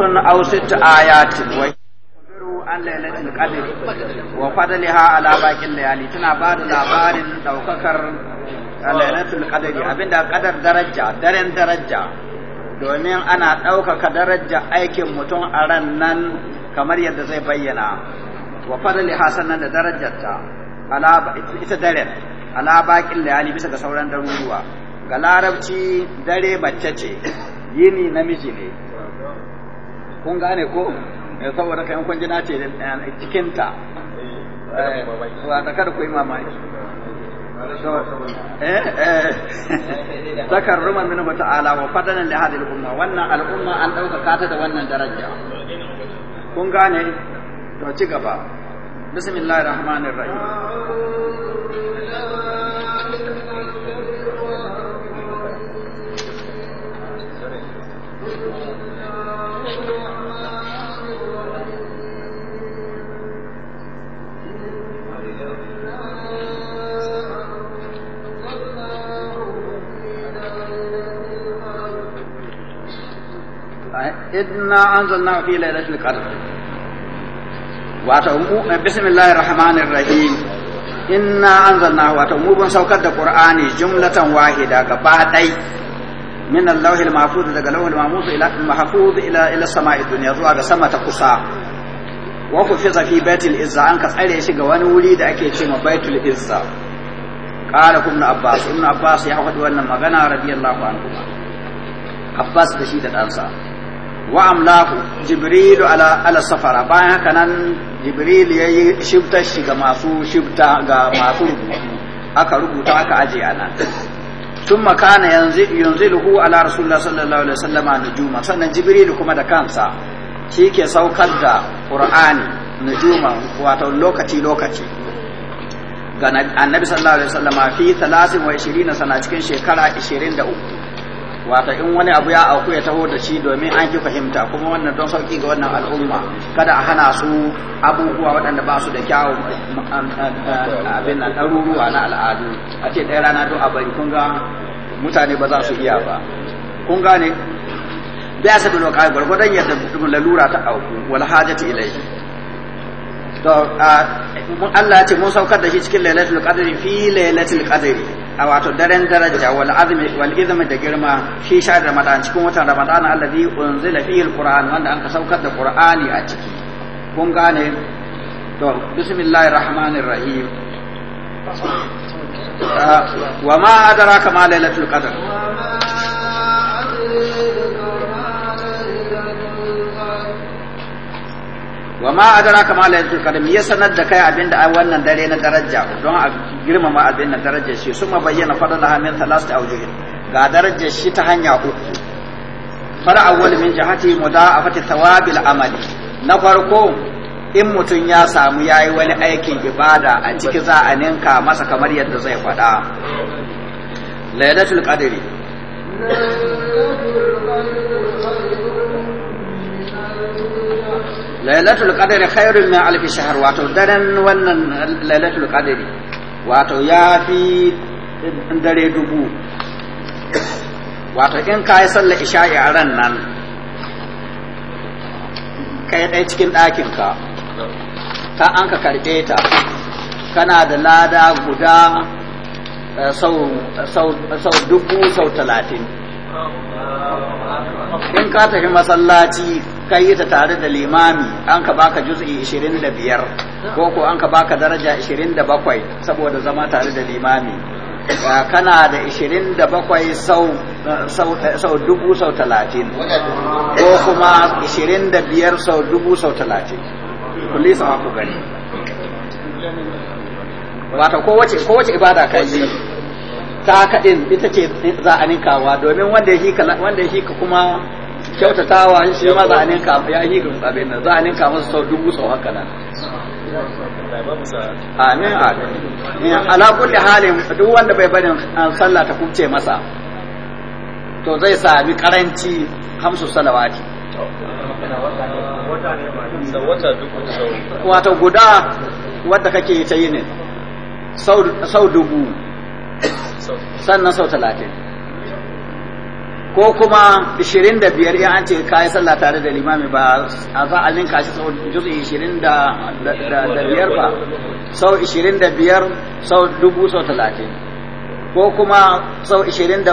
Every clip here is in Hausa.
khamsun aw sittu ayatin wa an lailatul qadr wa fadliha ala baqil layali tana ba da labarin daukakar lailatul qadr abinda qadar daraja daren daraja domin ana daukaka daraja aikin mutum a ran nan kamar yadda zai bayyana wa fadliha sannan da darajarta ala ita daren ala baqil layali bisa ga sauran daruruwa ga larabci dare mace ce yini namiji ne kun gane ko eh, saboda kai kun ji na ce eh, cikin ta eh, wa ta kada ku yi mamaki ruman min ba ta'ala wa fadalan li hadhihi al-umma wannan al-umma an dauka kata da wannan daraja kun gane to ci gaba bismillahir rahmanir rahim Thank you. idna anzalna fi lailatul qadr wato bismillahir rahmanir rahim inna anzalna wato mu bun saukar da qur'ani jumlatan wahida gaba dai min allahil mahfuz daga lawhil mahfuz ila mahfuz ila ila sama'id dunya zuwa ga sama ta kusa wa ku fiza fi baitul izza an ka tsare shi ga wani wuri da ake cewa baitul izza qala ibn abbas ibn abbas ya faɗi wannan magana radiyallahu anhu abbas da shi da dansa. wa amlahu jibrilu ala ala safara bayan haka nan jibril yayi shibtar shi ga masu shibta ga masu rubutu aka rubuta aka aje anan ثم كان yanzu على رسول الله صلى الله عليه a nujuma. sannan jibril kuma da kansa shi ke saukar da qur'ani nujuma wato lokaci lokaci ga annabi sallallahu alaihi wasallam fi 23 sana cikin shekara 23 wata in wani abu ya auku ya taho da shi domin an ki fahimta kuma wannan don sauki ga wannan al'umma kada a hana su abubuwa waɗanda ba su da kyawun um, uh, uh, abin nan ɗaruruwa na al'adu a ce ɗaya rana don a kun ga mutane ba za su iya ba kun gane biya sabi lokaci gwargwadon yadda lalura ta auku wani hajati ilai to uh, Allah ya ce mun saukar da shi cikin lailatul qadri fi lailatul qadri a wato daren daraja wal azmi wal izmi da girma shi sha'ar ramadan cikin watan ramadan allazi unzila fihi alquran wanda an ka saukar da qur'ani a ciki kun gane to bismillahir rahmanir rahim ah, wa ma adraka ma lailatul qadr wa ma kama ma laylatul qadr ya sanar da kai abinda ai wannan dare na daraja don a girmama abin nan darajar shi suma bayyana fadalaha min thalathati awjuh ga darajar shi ta hanya uku far awwal min jahati muda'afati thawabil amali na farko in mutum ya samu yayi wani aikin ibada a ciki za a ninka masa kamar yadda zai faɗa laylatul qadri lailatul qadri khairun min alf shahr wato daren wannan lailatul qadri wato ya fi dare dubu wato in ka yi sallar isha'i a ran nan ka yi ɗaya cikin ɗakinka ka an ka karɓe ta kana da lada guda eh, sau dubu sau talatin in ka tafi masallaci kai ta tare da limami an ka baka juz'i 25 ko ko an ka baka daraja 27 saboda zama tare da limami kana da 27 sau sau dubu sau talatin ko kuma 25 sau dubu sau talatin kulisa ku gani wata kowace kowace ibada kai ta kaɗin ita ce za a ninkawa domin wanda ya hika kuma kyautatawa shi ma zanen ka ya yi abin na zanen ka masa sau dubu sau haka nan amin amin ala kulli halin duk wanda bai an ah, sallah ta kuce masa to zai sami karanci hamsu salawati wato guda wadda kake ta yi ne sau dubu sannan sau talatin ko kuma 25 ya an ce kayi sallah tare da limami ba a za a linka shi sau juz'i 25 ba sau 25 sau dubu sau talatin ko kuma sau 27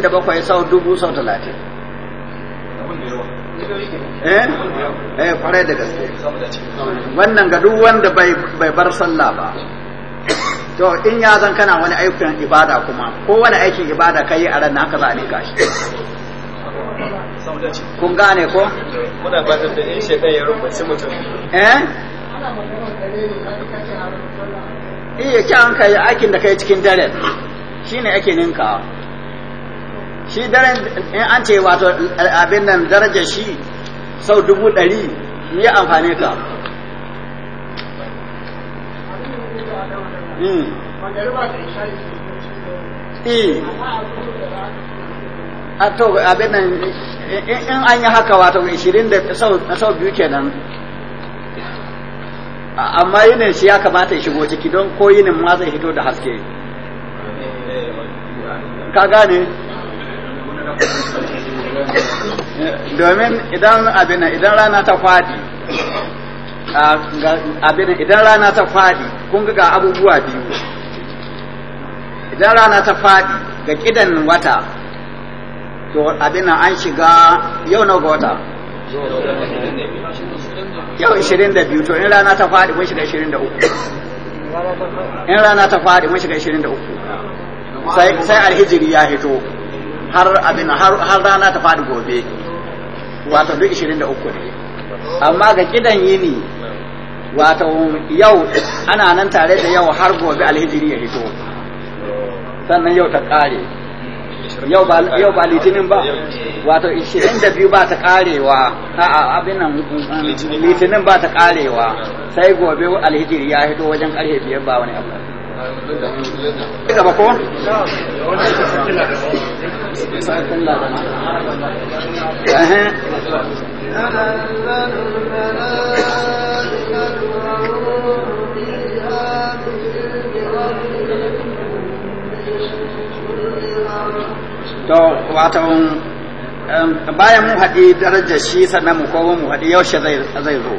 27 sau dubu sau talatin eh eh kwarai da gaske wannan ga duk wanda bai bar sallah ba to in ya zan kana wani aikin ibada kuma ko wani aikin ibada ka yi a ran haka za a nika shi kun gane ko muna batun da in shekai ya rubuce mutum eh iya eh, kyan ka yi aikin da kai cikin dare shi ne ake ninka shi dare in an ce wato abin nan daraja shi sau dubu ɗari ya amfane ka E. E. a to abin in e, an yi haka wato 20 da sau biyu kenan amma yinin shi ya kamata ya shigo ciki don ko yinin ma zai hito da haske ka gane domin idan abin idan rana ta fadi idan rana ta fadi kun ga abubuwa biyu idan rana ta faɗi ga kidan wata to abin an shiga yau na wata yau 22 to in rana ta faɗi mun shiga 23 in rana ta faɗi mun shiga 23 sai sai alhijiri ya hito har abin har rana ta faɗi gobe wato duk 23 ne amma ga kidan yini wato yau ana nan tare da yau har gobe alhijiri ya hito sannan yau ta kare yau ba litinin ba wato 22 ba ta karewa a abin nan mm, mm, litinin ba ta karewa sai gobe alhijiri ya hito wajen karfe biyar ba wani abu Ina ba ko? To, bayan mu haɗi darajar shi sannan mu kowa mu haɗi yaushe zai zo.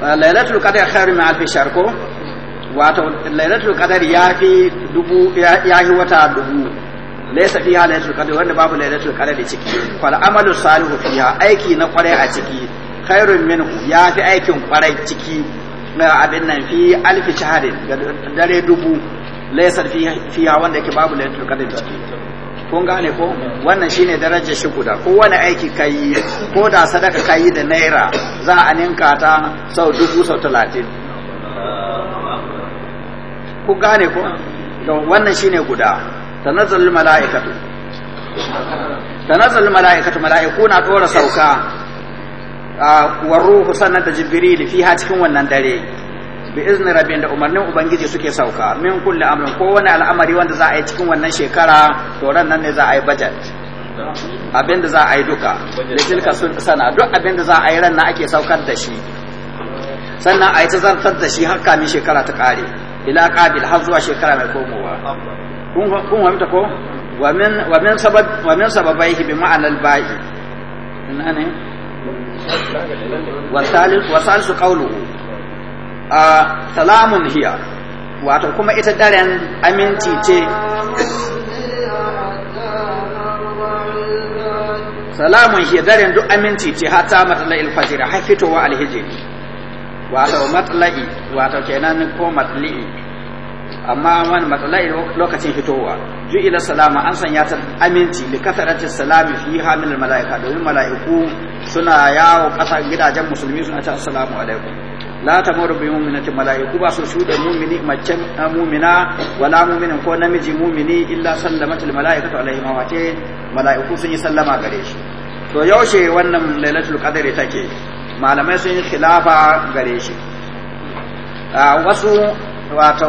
Lailatul Qadr khairu min alfi ko? wato lailatul qadar ya fi dubu ya yi wata dubu laysa fiha lailatul qadar wanda babu lailatul qadar ciki fal amalu salihu fiha aiki na kwarai a ciki khairun minhu ya fi aikin kwarai ciki na abin nan fi alf shahadin da dare dubu laysa fiha wanda yake babu lailatul qadar ciki kun gane ko wannan shine darajar shi guda ko wani aiki kai ko da sadaka kai da naira za a ninka ta sau dubu sau talatin ku gane ko to wannan shine guda tanazzalul mala'ikatu tanazzalul mala'ikatu mala'iku na dora sauka wa ruhu sannan da jibril fiha cikin wannan dare bi izni rabbin da umarnin ubangiji suke sauka min kulli amrin ko wani al'amari wanda za a yi cikin wannan shekara to ran nan ne za a yi budget abin da za a yi duka da tilka sana duk abinda za a yi ran na ake saukar da shi sannan a yi ta zartar da shi har kamin shekara ta kare ila qabil har zuwa shekara mai komowa kun kun hamta ko wa min wa min sabab wa min sababaihi bi ma'ana al-ba'i inna ne wa thalith wa a salamun hiya wato kuma ita daren aminci ce salamun hiya daren duk aminci ce hatta matala al-fajr har fitowa al-hijri wato matsala'i wato kenan ko matli'i amma wani matsala'i lokacin fitowa ju ila salama an sanya ta aminci da kasarati salami fi hamil malaika domin malaiku suna yawo kasa gidajen musulmi suna ta assalamu alaikum la tamuru bi mu'minatin malaiku ba su shude mu'mini mace eh, mu'mina wala mu'minin ko namiji mu'mini illa sallamatul malaikatu alaihi wa malaiku sun yi sallama gare shi to yaushe wannan lailatul qadri take malamai sun yi khilafa gare shi wasu wato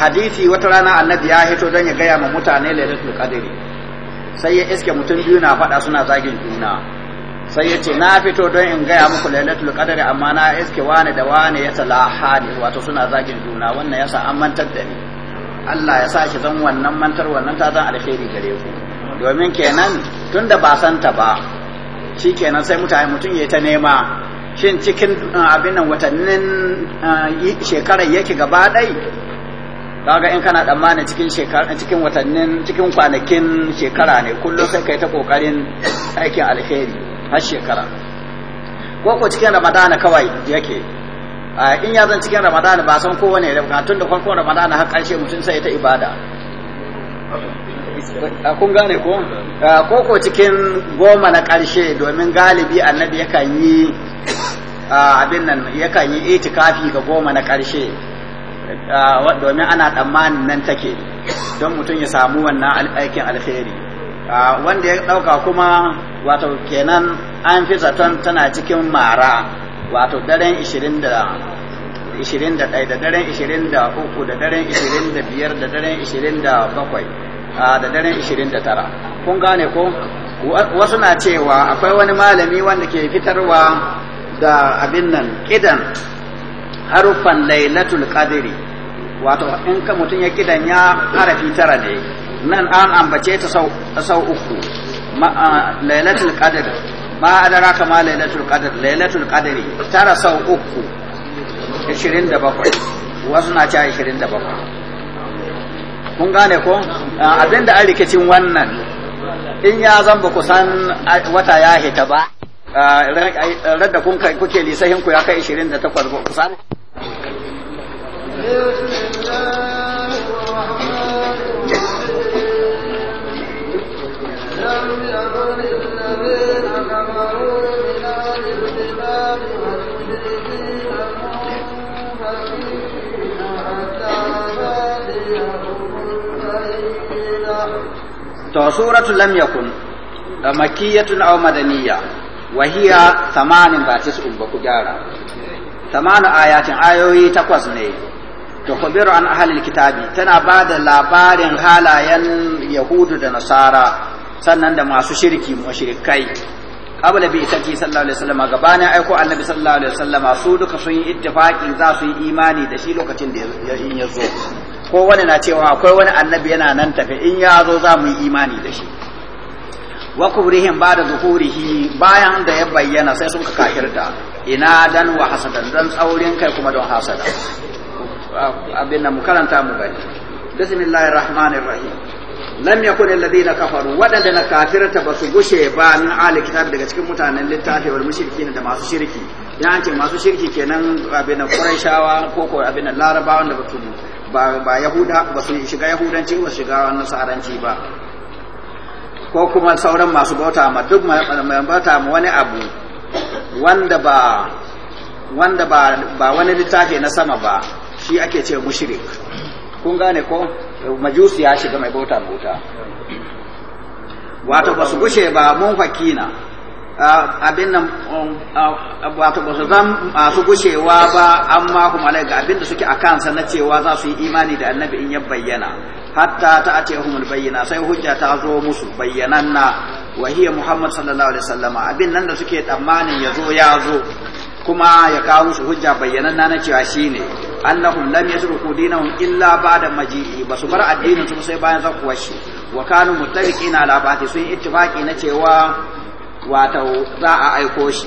hadisi wata rana annabi ya hito don ya gaya ma mutane lailatul qadri sai ya iske mutum biyu na faɗa suna zagin juna sai ya ce na fito don in gaya muku lailatul qadri amma na iske wani da wani ya talaha ne wato suna zagin juna wannan yasa an mantar da ni Allah ya sa shi zan wannan mantar wannan ta zan alheri gare ku domin kenan tunda ba santa ba shikenan sai mutane mutum ya ta nema shin cikin uh, abin nan watannin uh, shekarar yake gaba ɗai kaga in kana tsammanin cikin shekara cikin watannin cikin kwanakin shekara ne kullum sai kai ta kokarin aikin alheri har shekara ko ko cikin ramadana kawai yake in ya zan cikin ramadana ba san kowane da tun da farkon ramadana har ƙarshe mutum sai ta ibada Ah, kun gane ko koko ah, cikin goma na ƙarshe domin galibi annabi yakan yi ah, abin nan yakan yi itikafi ga goma na ƙarshe domin ana tsammanin nan take don mutum ya samu wannan aikin alheri wanda ya ɗauka kuma wato kenan an fi zaton tana cikin mara wato daren 20 da 21 da daren 23 da daren 25 da daren da daren 29 kun gane ko wasu na cewa akwai wani malami wanda ke fitarwa da abin nan kidan harufan lailatul qadri wato in ka mutum ya kidan ya harafi tara ne nan an ambace ta sau uku lailatul qadr ma adara ma lailatul qadr lailatul qadri tara sau uku 27 wasu na cewa 27 kun gane ko abinda an rikicin wannan in ya zan ba kusan wata ya hita ba radda kun kuke lisahin ku ya kai 28 kusan لم يكن الذين كفروا من الكتاب to suratu lam yakun uh, makiyatun aw madaniyya wa hiya thamanin ba tis umba ku gyara thamanu ayatin ayoyi takwas ne to khabiru an ahli kitabi tana ba da labarin halayen yahudu da nasara sannan da masu shirki mushrikai qabla bi isati sallallahu alaihi wasallam aiko annabi sallallahu alaihi wasallam su duka sun yi ittifaqi za su yi imani da shi lokacin da ya zo ko wani na cewa akwai wani annabi yana nan tafe in ya zo za mu yi imani da shi wa kubrihim ba da zuhurihi bayan da ya bayyana sai sun ka kafirta ina dan wa hasadan dan tsaurin kai kuma don hasada abin nan mu karanta mu gani bismillahir rahmanir rahim lam yakun alladhina kafaru waɗanda na kafirta basu gushe ba min ahli kitab daga cikin mutanen littafi wal mushrikin da masu shirki ya ce masu shirki kenan abin nan quraishawa ko ko abin nan larabawan da batu ba ba yahuda ba su shiga yahudanci ba su shiga nasaranci ba ko kuma sauran masu bauta ma duk mai bauta ma wani abu wanda ba wanda ba ba wani littafi na sama ba shi ake ce mushrik kun gane ko majusi ya shiga mai bauta bauta wato ba su gushe ba mun fakina Ah, abin nan um, ah, wato ba su zan masu gushewa ba amma kuma alai ga abin da suke a kansa na cewa za su yi imani da annabi in ya bayyana hatta ta ace humul bayyana sai hujja ta zo musu bayyananna na muhammad sallallahu alaihi wasallam abin nan da suke tsammanin ya zo ya zo kuma ya kawo musu hujja bayyananna na na cewa shine annahum lam yasruku dinahum illa ba'da maji'i basu bar addinin su sai bayan zakuwar shi wa kanu muttafiqina ala ba'di sun ittifaqi na cewa wato za a aiko shi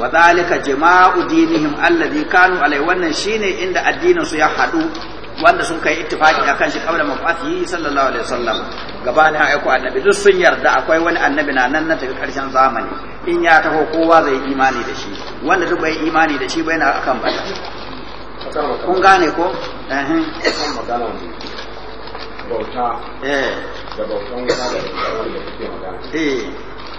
wa zalika jima'u dinihim allazi kanu alai wannan shine inda addinin su ya hadu wanda sun kai ittifaki akan shi kaula mabasi sallallahu alaihi wasallam gabanin aiko annabi duk sun yarda akwai wani annabi na nan na tafi karshen zamani in ya taho kowa zai imani da shi wanda duk bai imani da shi bai na akan bata kun gane ko eh bauta eh da bautan da kuke magana eh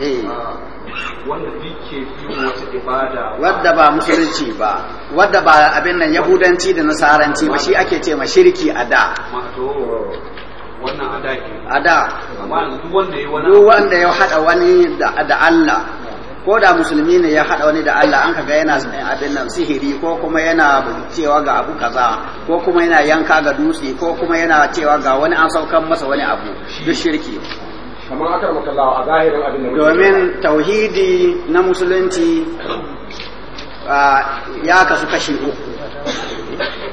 Eh. Ah, wanda wadda ba musulunci ba wadda ba abin nan yahudanci da nasaranci ba shi ake ce ma shirki a da wannan a da duk wanda ya hada wani da Allah ko da musulmi ne ya hada wani da Allah an kaga yana abin nan sihiri ko kuma yana cewa ga abu kaza ko kuma yana yanka ga dutse ko kuma yana cewa ga wani an saukan masa wani abu duk shirki domin tauhidi na musulunci ya kasu kashi uku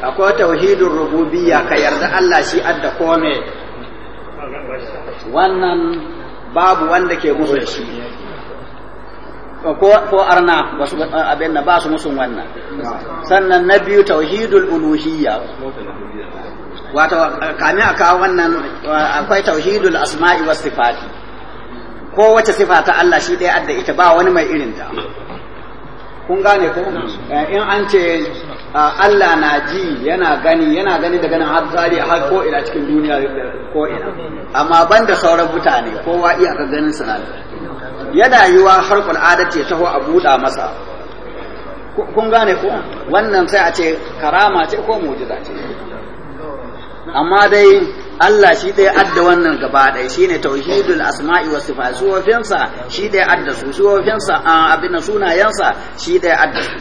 akwai tauhidin rububiyya ka yarda Allah shi adda kome wannan babu wanda ke musu da shi ko arna abin ba su musun wannan sannan na biyu tauhidul uluhiyya wato kamin a kawo wannan akwai tauhidul asma'i was sifati ko wace sifa ta Allah shi ɗaya adda ita ba wani mai irin ta kun gane ko eh, in an ce Allah na ji yana gani yana gani da ganin har zari har ko ina cikin duniya ko ina amma banda sauran mutane kowa iya ka ganin sa yana yiwa har adati ce taho a buɗa masa kun gane ko wannan sai a ce karama ce ko mu'jiza ce amma dai Allah shi dai adda wannan gaba ɗaya shine tauhidul asma'i was su suwafinsa shi dai adda su suwafinsa abin sunayensa shi dai adda su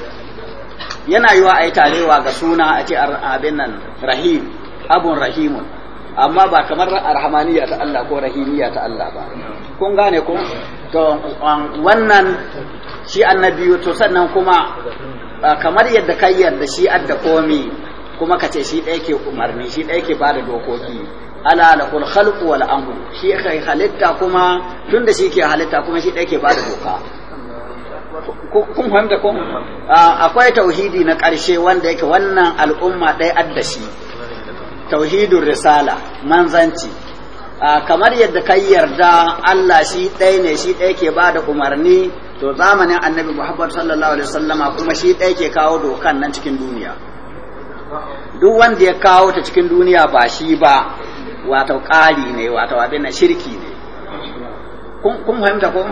yana yiwa yi tarewa ga suna a ce abin nan rahim abun rahimun amma ba kamar arhamaniya ta Allah ko rahimiya ta Allah ba kun gane kun to um, wannan shi annabiyu to sannan kuma uh, kamar yadda kai yadda shi adda komi kuma ka ce shi ɗaya ke umarni shi ɗaya ke bada dokoki ala lahul khalqu wal amru shi kai halitta kuma tunda shi ke halitta kuma shi ɗaya ke bada doka kun fahimta ko akwai tauhidi na ƙarshe wanda yake wannan al'umma ɗaya addashi tauhidun risala manzanci kamar yadda kai yarda Allah shi ɗaya ne shi ɗaya ke ba da umarni to zamanin annabi Muhammad sallallahu alaihi wasallama kuma shi ɗaya ke kawo dokan nan cikin duniya duk wanda ya kawo ta cikin duniya ba shi ba wato ƙari ne wato abin na shirki ne kun fahimta ko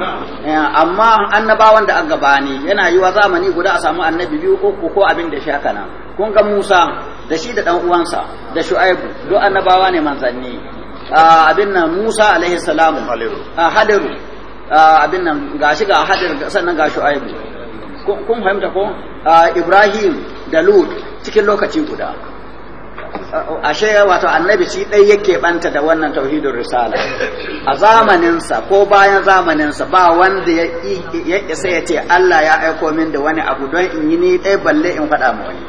eh, amma annabawan da an gabani yana yi wa zamani guda a samu annabi biyu ko ko abin da shi haka nan kun ga Musa da shi da dan uwansa da Shu'aibu duk annabawa ne manzanni ah, abin nan Musa alaihi salamu hadiru ah, ah, abin nan gashi ga hadir sannan ga Shu'aibu kun fahimta ko Ibrahim da lut cikin lokaci guda ashe wato annabi shi ɗai yake banta da wannan tauhidin risala a zamaninsa ko bayan zamaninsa ba wanda ya isa ya ce Allah ya aiko min da wani abu don in yi ni ɗai balle in faɗa ma wani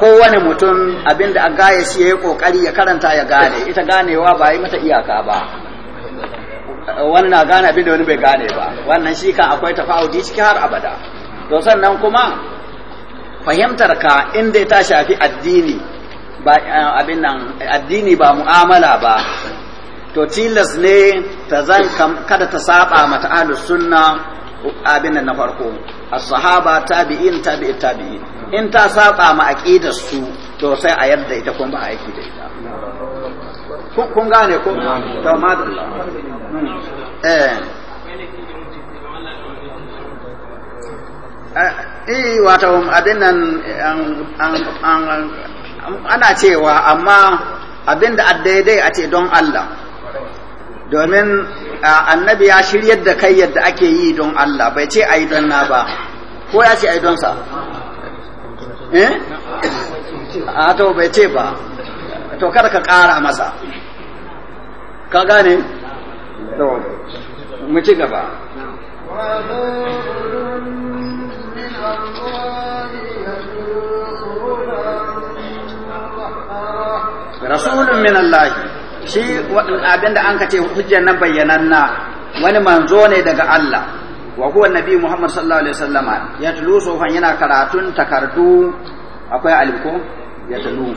Ko wani mutum abinda a gaya shi ya yi ya karanta ya gane ita ganewa ba yi mata iyaka ba wani na gane abinda wani bai gane ba wannan shi kan akwai tafa'udi ciki har abada to sannan kuma fahimtar ka inda ta shafi addini ba eh, abin nan addini ba mu'amala ba to tilas ne ta zan kada ta saba mata ahlus sunna abin nan na farko as-sahaba tabi'in tabi'i tabi'i in ta saba ma aqidar su to sai a yarda ita kuma ba aiki da ita kun gane ko to madallah hmm. eh Eh, eh wato abin nan ana cewa amma abin da daidai a ce don Allah domin annabi ya shirya da kai yadda ake yi don Allah bai ce ai don na ba ko ya ce ai don sa eh a to bai ce ba to kada ka ƙara masa ka gane to mu ci gaba rasulun min Allah shi abinda an kace hujjar nan bayyananna wani manzo ne daga Allah wa huwa nabi Muhammad sallallahu alaihi wasallama ya tulu sofan yana karatun takardu akwai alif ko ya tulu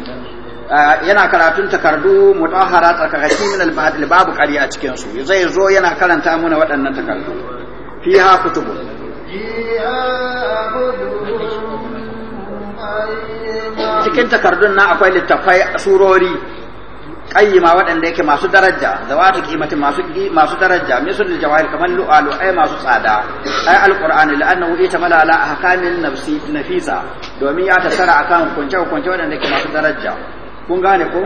yana karatun takardu mutahara tsakakaki min al-batil babu qari a cikin su zai zo yana karanta muna waɗannan takardu fiha kutubun cikin takardun na akwai littafai surori kayyima waɗanda yake masu daraja wata kimatin masu masu daraja misul jawahir kamar lu'alu ay masu tsada ay alqur'ani la'annahu ita malala ahkamin nafsi nafisa domin ya tasara akan kunce kunce waɗanda yake masu daraja kun gane ko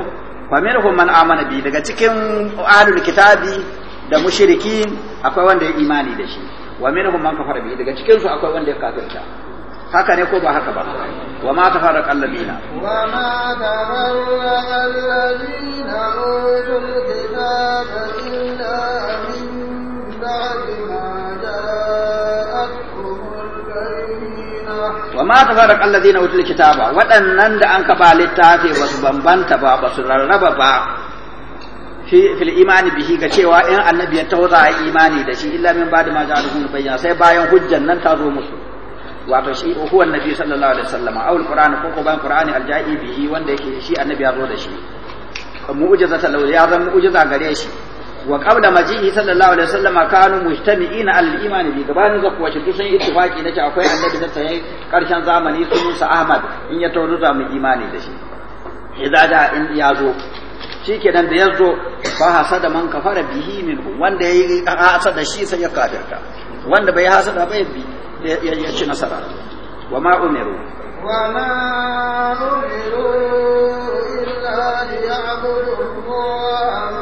fa minhum man amana bi daga cikin alul kitabi da mushrikin akwai wanda ya imani da shi wa minhum man kafara bihi daga cikin su akwai wanda ya kafirta haka ne ko ba haka ba wa ma tafarraqa alladina wa ma tafarraqa alladina utul kitaba illa min ba'di ma wa ma tafarraqa alladina utul kitaba waɗannan da an kafa littafi ba su bambanta ba ba su rarraba ba fi fil imani bihi ga cewa in annabi ya tauza za a imani da shi illa min ba'da ma ja'aluhu bayyana sai bayan hujjan nan ta zo musu wato shi huwa annabi sallallahu alaihi wasallam aw alquran ko ko ban qur'ani alja'i bihi wanda yake shi annabi ya zo da shi mu'jizatan law ya zan mu'jiza gare shi wa qabla majihi sallallahu alaihi wasallam kanu mujtami'ina al imani bi gabanin zakuwa shi sun ittifaqi nace akwai annabi da sai karshen zamani sun sa Ahmad in ya tauza za mu imani da shi idada da in ya zo nan da yazo fa hasada man kafara bihi min wanda yayi hasada shi sai ya kafirta wanda bai hasada bai bi ya ci nasara wa ma umiru wa ma umiru illa ya'budu Allah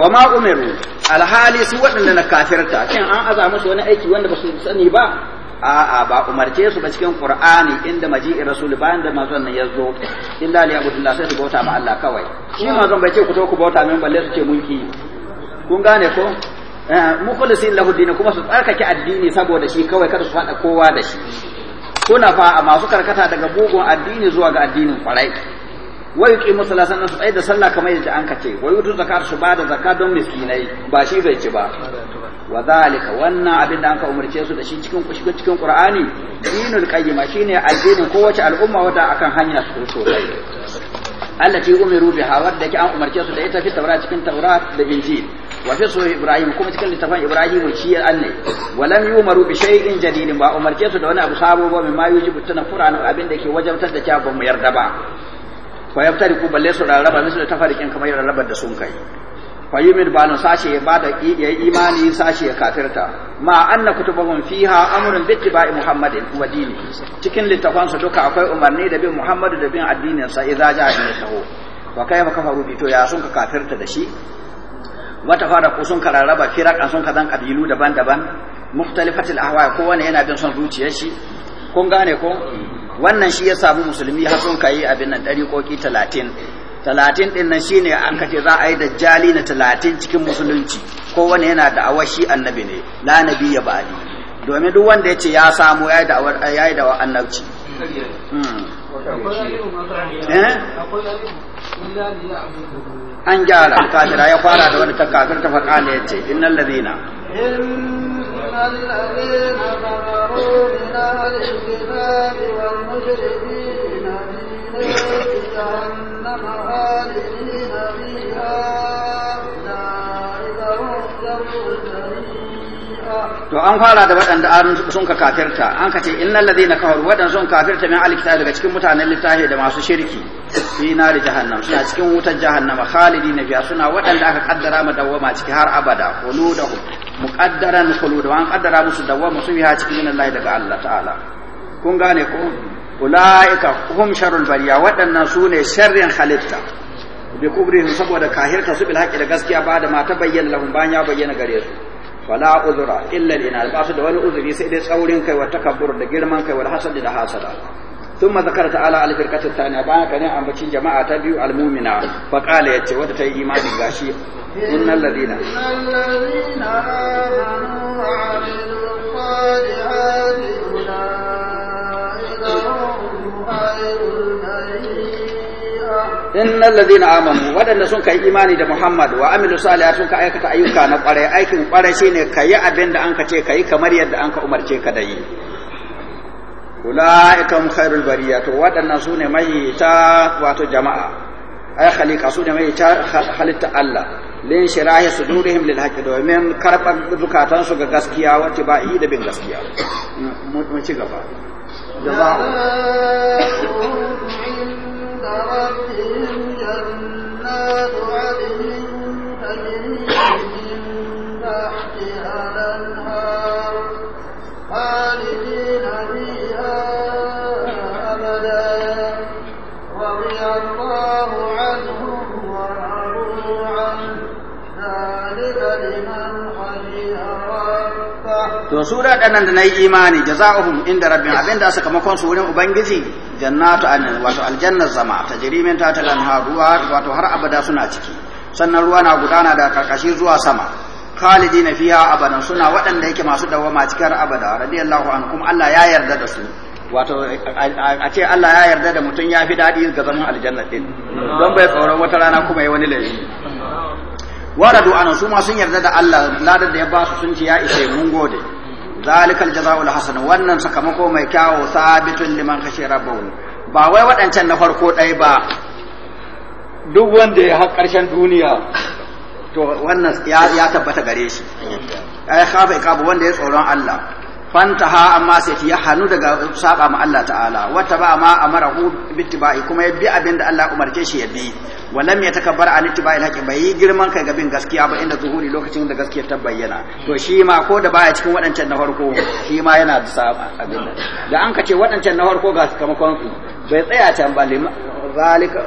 wa ma umiru alhali su waɗanda na kafirta shin an aza musu wani aiki wanda ba su sani ba a'a ba umarce su ba cikin qur'ani inda maji'ir rasul bayan da manzon nan yazo illa li abudullah sai su bauta ma Allah kawai shi manzon bai ce ku to ku bauta min balle su ce mun ki kun gane ko eh, mukhlisin lahu dinu kuma su tsarkake addini saboda shi kawai kada su fada kowa da shi kuna fa a masu karkata daga bugun addini zuwa ga addinin kwarai wai yuqi musalla sannan su da sallah kamar yadda an kace wai yutu zakat su bada zakat don miskinai ba shi zai ci ba wa zalika wannan abin da an ka umarce su da shi cikin cikin cikin qur'ani dinul qayyima shine addinin kowace al'umma wanda akan hanya su sosai allati umiru biha da ke an umarce su da ita fi tawrat cikin tawrat da injil wa fi sahih ibrahim kuma cikin littafin ibrahim shi ya anne wa lam yumaru bi shay'in jadidin ba umarce su da wani abu sabo ba mai ma yujibu tana qur'an abin da ke wajabtar da cewa ba mu yarda ba fa yaftariku balle su rarraba da tafarikin kamar rarrabar da sun kai fa ba banu sashe ya bada ya imani sashe ya kafirta ma anna kutubahum fiha amrun bi ittiba'i muhammadin wa dini cikin littafan su duka akwai umarni da bin muhammadu da bin addinin sa idza ja'a ne taho wa kayfa kafaru bi to ya sun ka kafirta da shi wata fara ko sun kararraba firaqan sun kazan kabilu daban-daban muftalifatil ahwa kowane yana bin son zuciyar shi kun gane ko wannan shi ya samu musulmi har sun kai abin nan ɗariƙoƙi talatin talatin ɗin nan shine an kace za a yi dajjali na talatin cikin musulunci kowane yana da shi annabi ne la nabi ya ba'ali domin duk wanda ya ce ya samu ya yi da annabci hmm. eh? an gyara kafira ya fara da wani takafir ta faƙa ne ya ce innal ladina إن الذين كفروا من أهل الكتاب والمشركين في جهنم خالدين فيها to an fara da waɗanda an sun ka kafirta an ka ce innal ladina kafaru wadan sun kafirta min alikta daga cikin mutanen littafi da masu shirki fi nari jahannam suna cikin wutar jahannama khalidina biya suna waɗanda aka kaddara ma dawwama ciki har abada quludahum muqaddaran khulud wa an qaddara musu dawama musu biha cikin Allah daga Allah ta'ala kun gane ko ulaika hum sharul bariya waɗannan sune sharrin halitta bi su saboda kahirta su bil haqi da gaskiya ba da ma bayyana lahum bayan ya bayyana gare su wala uzura illa lina ba su da wani uzuri sai dai tsaurin kai wa takabbur da girman kai wa hasad da hasada ثم ذكر تعالى الفرقة الثانية بعد كان أمبتشين جماعة تبيو المؤمنة فقال يتشي وتتي إيمان غاشي إن الذين إن الذين آمنوا وعملوا الصالحات أولئك هم خير إن الذين آمنوا ودن سنك إيماني دا محمد وعملوا صالحات سنك أيكة أيوكا نقرأ أيكم قرأ شيني كي أبين دا أنك تي كي كمريد دا أنك أمر تي كدي ula'ikam khairul bariya to wadannan su ne mahita wato jama'a ai khalika su ne mahita halitta Allah lin shirahi sudurihim lil haqqi domin karɓar zukatan su ga gaskiya wace ba yi da bin gaskiya mu ci gaba jaza'u inda rabbihim jannatu adnin tajri min tahtiha to su da nan da na yi imani jaza'uhum inda rabbin abinda sakamakon su wurin ubangiji jannatu an wato aljannar zama ta jirimin ta talan ruwa wato har abada suna ciki sannan ruwa na gudana da karkashi zuwa sama khalidina fiha abada suna waɗanda yake masu dawama cikin abada radiyallahu anhum Allah ya yarda da su wato a ce Allah ya yarda da mutum ya fi daɗi ga zaman aljanna din don bai tsoron wata rana kuma yi wani laifi waradu anan su ma sun yarda da Allah ladar da ya ba su sun ce ya ishe mun gode zalikal jazaa'ul hasan wannan sakamako mai kyawu sabitun liman kashe rabbahu ba wai wadancan na farko ɗaya ba duk wanda ya har karshen duniya to wannan ya tabbata gare shi ai khafa ikabu wanda ya tsoron Allah fantaha amma sai ya hannu daga saba ma Allah ta'ala wata ba ma hu bittiba'i kuma ya bi abin da Allah umarce shi ya bi walam ya takabbar an ittiba al haqi bai girman kai ga bin gaskiya ba inda zuhuri lokacin da gaskiya ta bayyana to shi ma ko da baya cikin waɗancan na farko shi ma yana da saba abin nan da an ka ce waɗancan na farko ga sakamakon su bai tsaya can ba zalika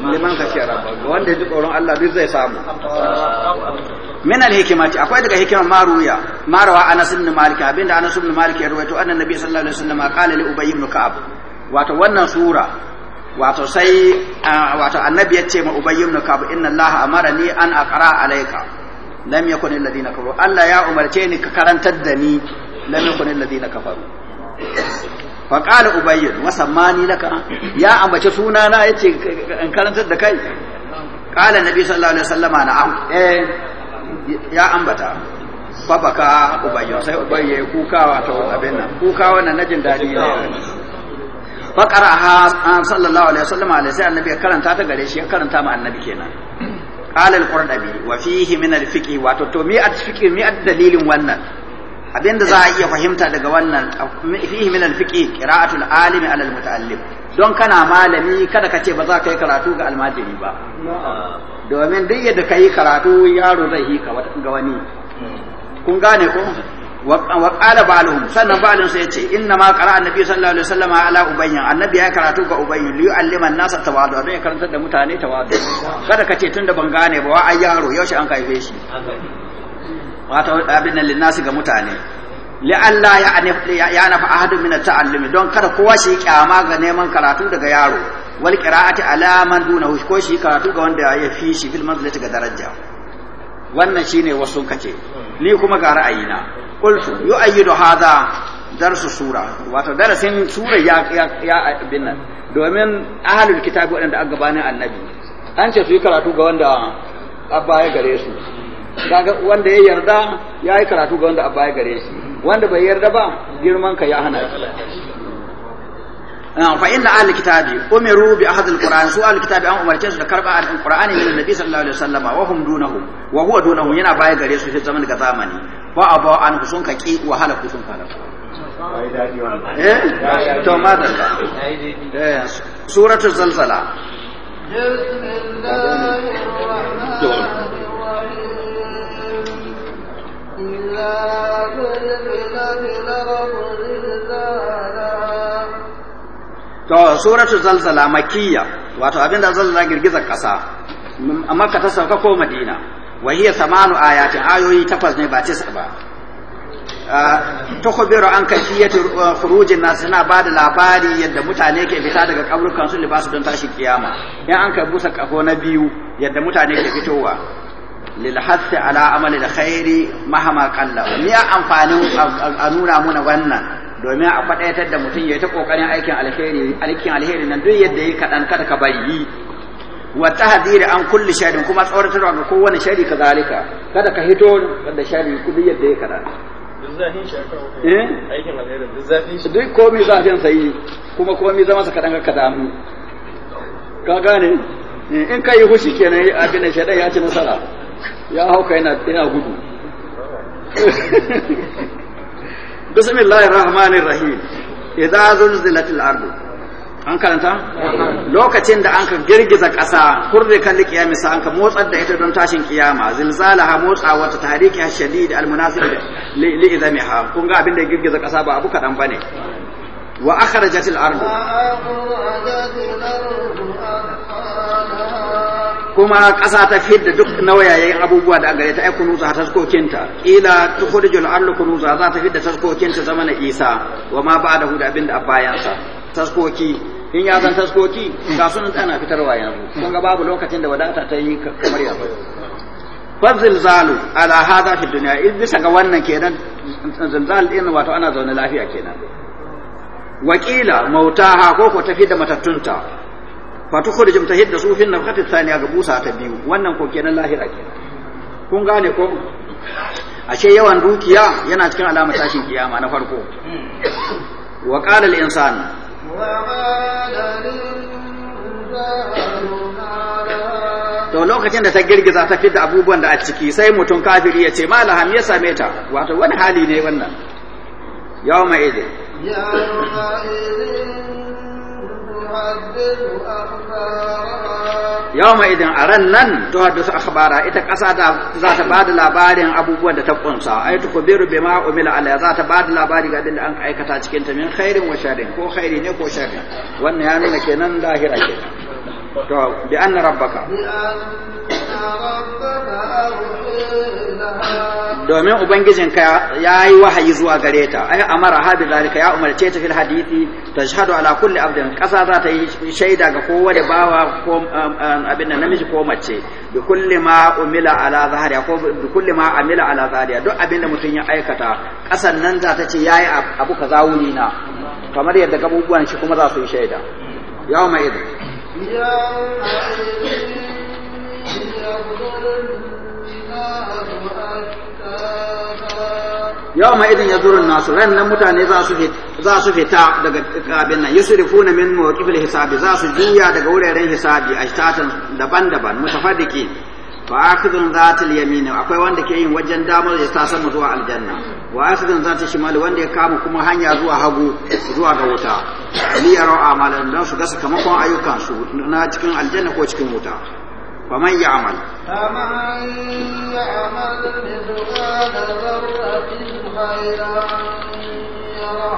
liman ka kira ba wanda ji tsoron Allah duk zai samu min al hikimati akwai daga hikima maruya marawa Anas ibn Malik abinda Anas ibn Malik ya rawaito annabi sallallahu alaihi wasallam qala li Ubay ibn Ka'ab wato wannan sura wato sai wato annabi ya ce ma ubayy ibn kab inna allaha amarani an aqra alayka lam yakun alladhina kafaru allah ya umarce ni ka karantar da ni lam yakun alladhina kafaru fa qala ubayy wa laka ya ambace suna na yace in karantar da kai qala nabi sallallahu alaihi wasallama na'am eh ya ambata fa baka ubayy sai ubayy kuka wato abin nan kuka wannan najin dadi ne fa qara'aha ah, sallallahu alaihi wasallam alaihi sai annabi ya karanta ta gare shi ya karanta ma annabi kenan qala al-qurdabi wa fihi min al-fiqh wa to mi al-fiqh mi dalilin wannan abinda za a iya fahimta daga wannan fihi min al-fiqh qira'atul alimi ala al-muta'allim don kana malami kada ka ce ba za ka yi karatu ga almajiri ba domin duk yadda ka yi karatu yaro zai yi ga wani kun gane ko wa qala ba'luhum sannan ba'lun sai yace inna ma qara annabi sallallahu alaihi wasallam ala ubayyin annabi ya karatu ga ubayyin li yu'allima an-nasa tawadu don ya karantar da mutane tawadu kada kace tunda ban gane ba wa ai yaro yaushe an kaife shi wato abin nan linnasi ga mutane li Allah ya ya nafa ahadu min at-ta'allumi don kada kowa shi kyama ga neman karatu daga yaro wal qira'ati ala man dunahu ko shi karatu ga wanda ya fi shi fil manzilati ga daraja wannan shine wasu kace ni kuma ga ra'ayina qultu yu'ayyidu hadha darsu sura wato darasin sura ya ya abin nan domin ahlul kitabi waɗanda aka gabanin annabi an ce su yi karatu ga wanda abba ya gare su wanda ya yarda ya yi karatu ga wanda abba ya gare shi wanda bai yarda ba girman ka ya hana shi fa inna ahlul kitabi umiru bi ahadil qur'an su ahlul kitabi an umarce su da karba al qur'ani min annabi sallallahu alaihi wasallam wa hum dunahu wa huwa dunahu yana baya gare su fi zaman daga zamani wa ba an kusun ka ki wahala ku kusun ka eh to madalla eh suratul zalzala To, suratu zalzala makiyya, wato abinda zalzala girgizar ƙasa, amma ka ta sauka ko madina. wa hiya samanu ayati ayoyi takwas ne ba tis ba ah, tukhbiru an kayfiyati ah, khurujin nas suna ba da labari yadda mutane ke fita daga kaburukan su libasu don tashi kiyama in an ka busa kafo na biyu yadda mutane ke fitowa lil hasi ala amali da khairi mahama qalla ni amfanin a nuna muna wannan domin a faɗaitar da mutum ya ta kokarin aikin alheri nan duk yadda yake kadan kada ka bari wa tahdhir an kulli sharrin kuma tsoratarwa ga kowane sharri zalika kada ka hito da sharri kudi yadda ya kada duk zafin shi eh? aikin alheri duk zafin shi duk komai zafin sai kuma komai zama sa kadan ka damu ka gane eh, in kai hushi kenan abin da shaidan ya ci nasara ya hauka yana yana gudu bismillahir rahmanir rahim idza zulzilatil ardh an karanta lokacin da an ka girgiza ƙasa kan da kiyami sa an ka motsar da ita don tashin kiyama ha motsa wata tariki da almunasib li idamiha kun ga abin da girgiza ƙasa ba abu kadan bane wa akhrajatil ardu kuma ƙasa ta fidda duk nauyayen abubuwa da gare ta aikunu za ta taskokinta kila tukhrijul ardu kunuza za ta fidda zama zamanin isa wa ma ba'dahu da abin da bayan bayansa taskoki in ya san taskoki ga sunan tana fitarwa yanzu kun ga babu lokacin da wadata ta yi kamar yanzu fazil zalu ala hada fi dunya in bisa ga wannan kenan Zanzal, din wato ana zaune lafiya kenan wakila mautaha ko ko tafi da matattunta fa tukhrijum tahid da sufin nafqati thaniya ga busa ta biyu wannan ko kenan lahira kenan kun gane ko ashe yawan dukiya yana cikin alamar tashin kiyama na farko wa qala al insan to lokacin da ta girgiza ta fita abubuwan da a ciki sai mutum kafiri ya ce malaham ya same ta wato wani hali ne wannan yawma idin yawma idan a ran nan to haddasa akhbara ita ƙasa da za ta ba da labarin abubuwan da ta kunsa ai to kubiru bima umila alaya za ta ba da labari ga abin da an aikata cikin ta min khairin wa ko khairi ne ko sharrin wannan ya nuna kenan lahira kenan to bi anna rabbaka domin ubangijinka ya yi wahayi zuwa gare ta ai amara ha zalika ya umarce ta fil hadithi tashhadu ala kulli abdin kasa za ta yi shaida ga da bawa ko abin nan namiji ko mace bi kulli ma umila ala zahari ko bi kulli ma amila ala zahari duk abin da mutum ya aikata kasan nan za ta ce yayi abu kaza wuni na kamar yadda gabubuwan shi kuma za su yi shaida yawma idin yau ma idan ya zurin nasu ran nan mutane za su fita daga kabin nan yusrifu na min mawqifil hisabi za su juya daga wuraren hisabi a daban-daban mutafadiki wa akhidun zatil yamin akwai wanda ke yin wajen damar ya ta sama zuwa aljanna wa akhidun zatil shimal wanda ya kama kuma hanya zuwa hagu zuwa ga wuta li yaro amalan dan su ga sakamakon ayyukan su na cikin aljanna ko cikin wuta faman ya'mal faman ya'mal mithqala dharratin khayran yara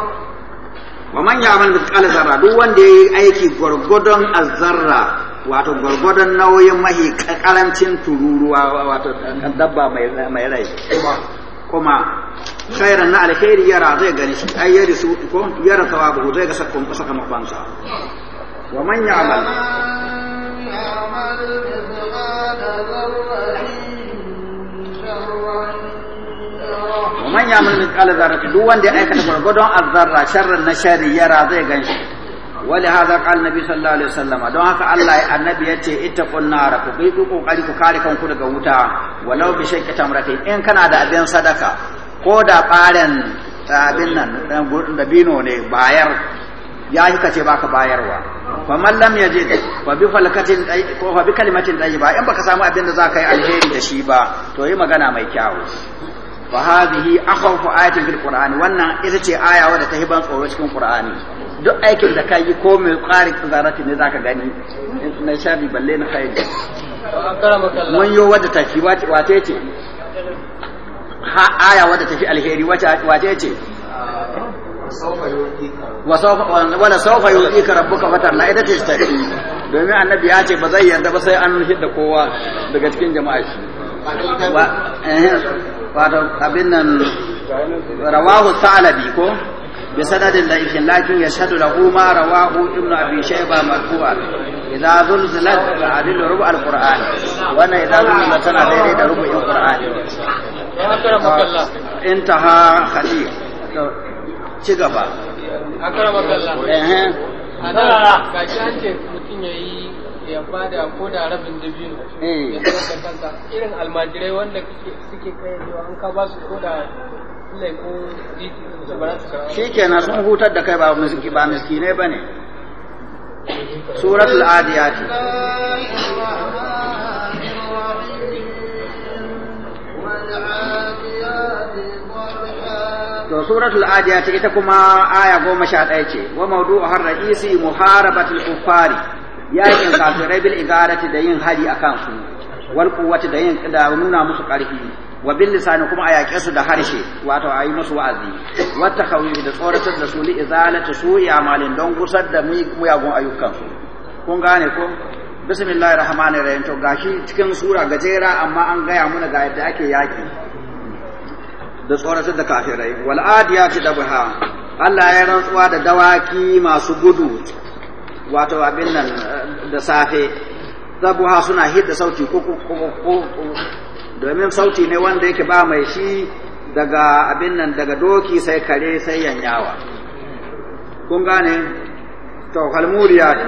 wa man ya'mal mithqala dharra duk wanda yayi aiki gurgudon azzarra wato gwargwadon nauyin mahi karancin tururuwa wato dabba mai rai kuma khairan na alkhairi yara zai gani shi ai yari su ko yara tawabu zai ga sakon sakamakonsa wa man ya'mal wa man ya'mal mithqala dharratin duk wanda ya aikata gwargwadon azzarra sharran na shari yara zai gani shi ولهذا قال النبي صلى الله عليه وسلم don haka Allah ya annabi yace ittaqun nar ku bi ku kokari ku kare kanku daga wuta walau bi shakki tamratin in kana da abin sadaka ko da baren abin nan da bino ne bayar ya yi kace baka bayarwa fa mallam yaje yajid fa bi falakatin ko fa bi kalimatin tayyiba in baka samu abin da zaka yi alheri da shi ba to yi magana mai kyau fa hadhihi akhawfu ayatin fil qur'ani wannan ita ce aya wadda ta hiban tsoro cikin qur'ani duk aikin da kai ko mai qarin tsarati ne zaka gani na shafi balle na kai mun yo wadda ta fi wace ce ha aya wadda ta fi alheri wace ce wala saufa yu'tika rabbuka la ita ce ta domin annabi ya ce ba zai yarda ba sai an hidda kowa daga cikin jama'a shi eh, wato abin nan rawahu sa'alabi ko bi sanadin da ikin lakin ya shadu da kuma rawahu ibnu abi shayba marfu'a idza zulzilat adil rubu alquran wannan idza zulzilat tana daidai da rubu'in qur'ani intaha khalil ci gaba akramakallah eh eh Ka shi an ce mutum yayi ya bada ko da rabin dabino eh. ya sayar da kansa irin almajirai wanda suke kayarwa an ka ba su ko da ko da ba su shi kenan sun hutar da kai ba miski ba miski ne ba ne suratul adiyat to suratul adiyati ita kuma aya goma sha ɗaya ce wa mawdu'uha ar muharabatul kuffari yakin kafirai bil igarati da yin hari akan su wal quwwati da yin da nuna musu karfi wa bil lisani kuma a yaƙe su da harshe wato a yi musu wa'azi wata kawai da tsoratar da su li izalati su'i amalin don gusar da muyagun ayyukan kun gane ko bismillahir rahmanir rahim to gashi cikin sura gajera amma an gaya mana ga yadda ake yaki da tsoratar da kafirai wal adiyati dabha Allah ya rantsuwa da dawaki masu gudu wato abin nan da safe zabuha suna hidda sauti kuku domin sauti ne wanda yake ba mai shi daga abin nan daga doki sai kare sai yanyawa kun gane to halmuriya ne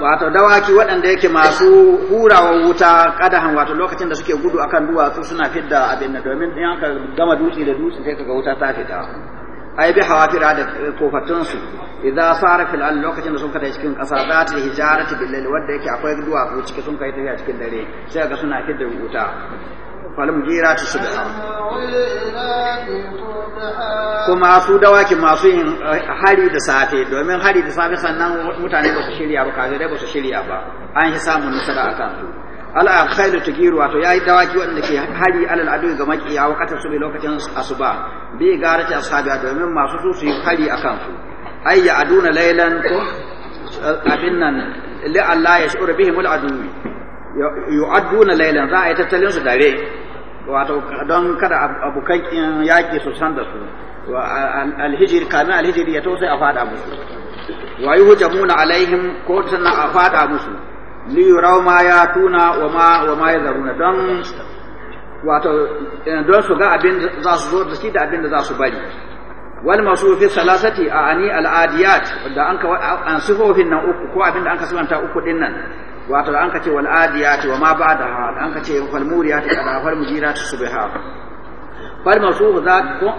wato dawaki waɗanda yake masu hurawa wuta kadahan wato lokacin da suke gudu akan duwatsu suna fidda abin nan domin in aka gama dutse da dutse sai kaga wuta ta fita ai bi hawafira da kofatun su idza sara fil al lokacin da sun kada cikin kasa za ta hijarati bil lail wanda yake akwai duwatsu cikin sun kai tafiya cikin dare sai ga suna fidda wuta fal mujirati subha kuma su dawaki masu yin hari da safe domin hari da safe sannan mutane ba su shirya ba kaje ba su shirya ba an yi samun nasara akan su ala khailu takiru wato yayi dawaki wanda ke hari alal adu ga makiya wakatar su lokacin asuba bi garati ashabiya domin masu su su yi hari akan su ay ya aduna laylan ko abin nan li Allah ya shura bihim al adu yu'adduna laylan za a yi tattalin su dare wato don kada abokan eh, yaki su san da su alhijir kamin alhijir ya to sai a fada musu wa yuhjamuna alaihim ko tana a fada musu li yurau ma ya tuna wa ma wa ma ya zaruna don wato eh, don su ga abin da za su zo da shi da abin da za su bari wal masufi salasati a ani al adiyat da an ka an sifofin nan uku ko abin da an ka sunanta uku din nan wato da an ka ce wal adiyat wa ma ba da an ka ce wal muriyat qada fal mujirat subha fal masuhu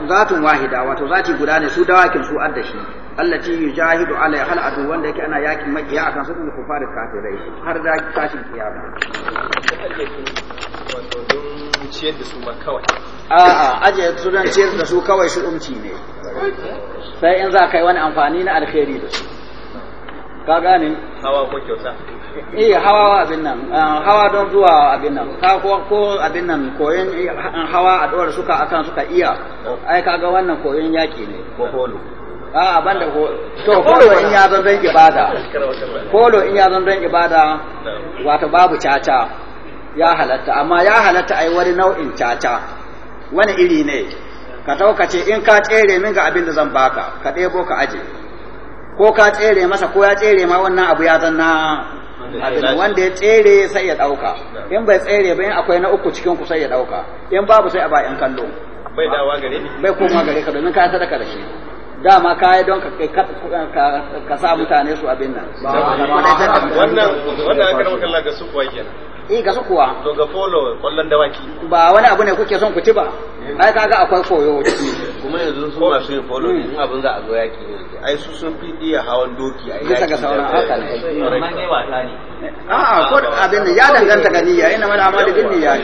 zatun wahida wato zati guda ne su dawakin su adda shi allati yujahidu alai hal adu wanda yake ana yakin makiya akan su da kufar kafirai har da tashin kiyama ciyar da su ma kawai a'a aje su don ciyar da su kawai su umci ne sai in za ka yi wani amfani na alkhairi da su ka gane hawa ko kyauta eh hawa abin nan eh, hawa don zuwa abin nan ka ko abin nan koyon eh, hawa a dora suka akan suka iya ai kaga wannan koyon yaki ne ko holo a ban da to kolo in ya zan don ibada kolo in ya zan don ibada wato babu caca ya halatta amma ya halatta ai wani nau'in caca wani iri ne ka ce in ka tsere min ga abin da zan baka ka ɗebo ka aje ko ka tsere masa ko ya tsere ma wannan abu ya zan na wanda ya tsere sai ya dauka in bai tsere ba in akwai na uku cikin ku sai ya dauka in babu sai a ba yan kallo bai dawa gare ni bai koma gare ka domin ka daka da shi dama ka yi don ka sa mutane su abin nan wannan wannan aka rawa kalla ga su kuwa kenan eh ga su kuwa to ga follow kwallon dawaki ba wani abu ne kuke son ku ci ba ai kaga akwai koyo kuma yanzu su masu yin follow in abin za a zo yaki ne ai su sun fi iya hawan doki ai bisa ga sauran haka ne amma ne wasa ne a ko abin da ya danganta ga niyya ina mana amma da bin niyya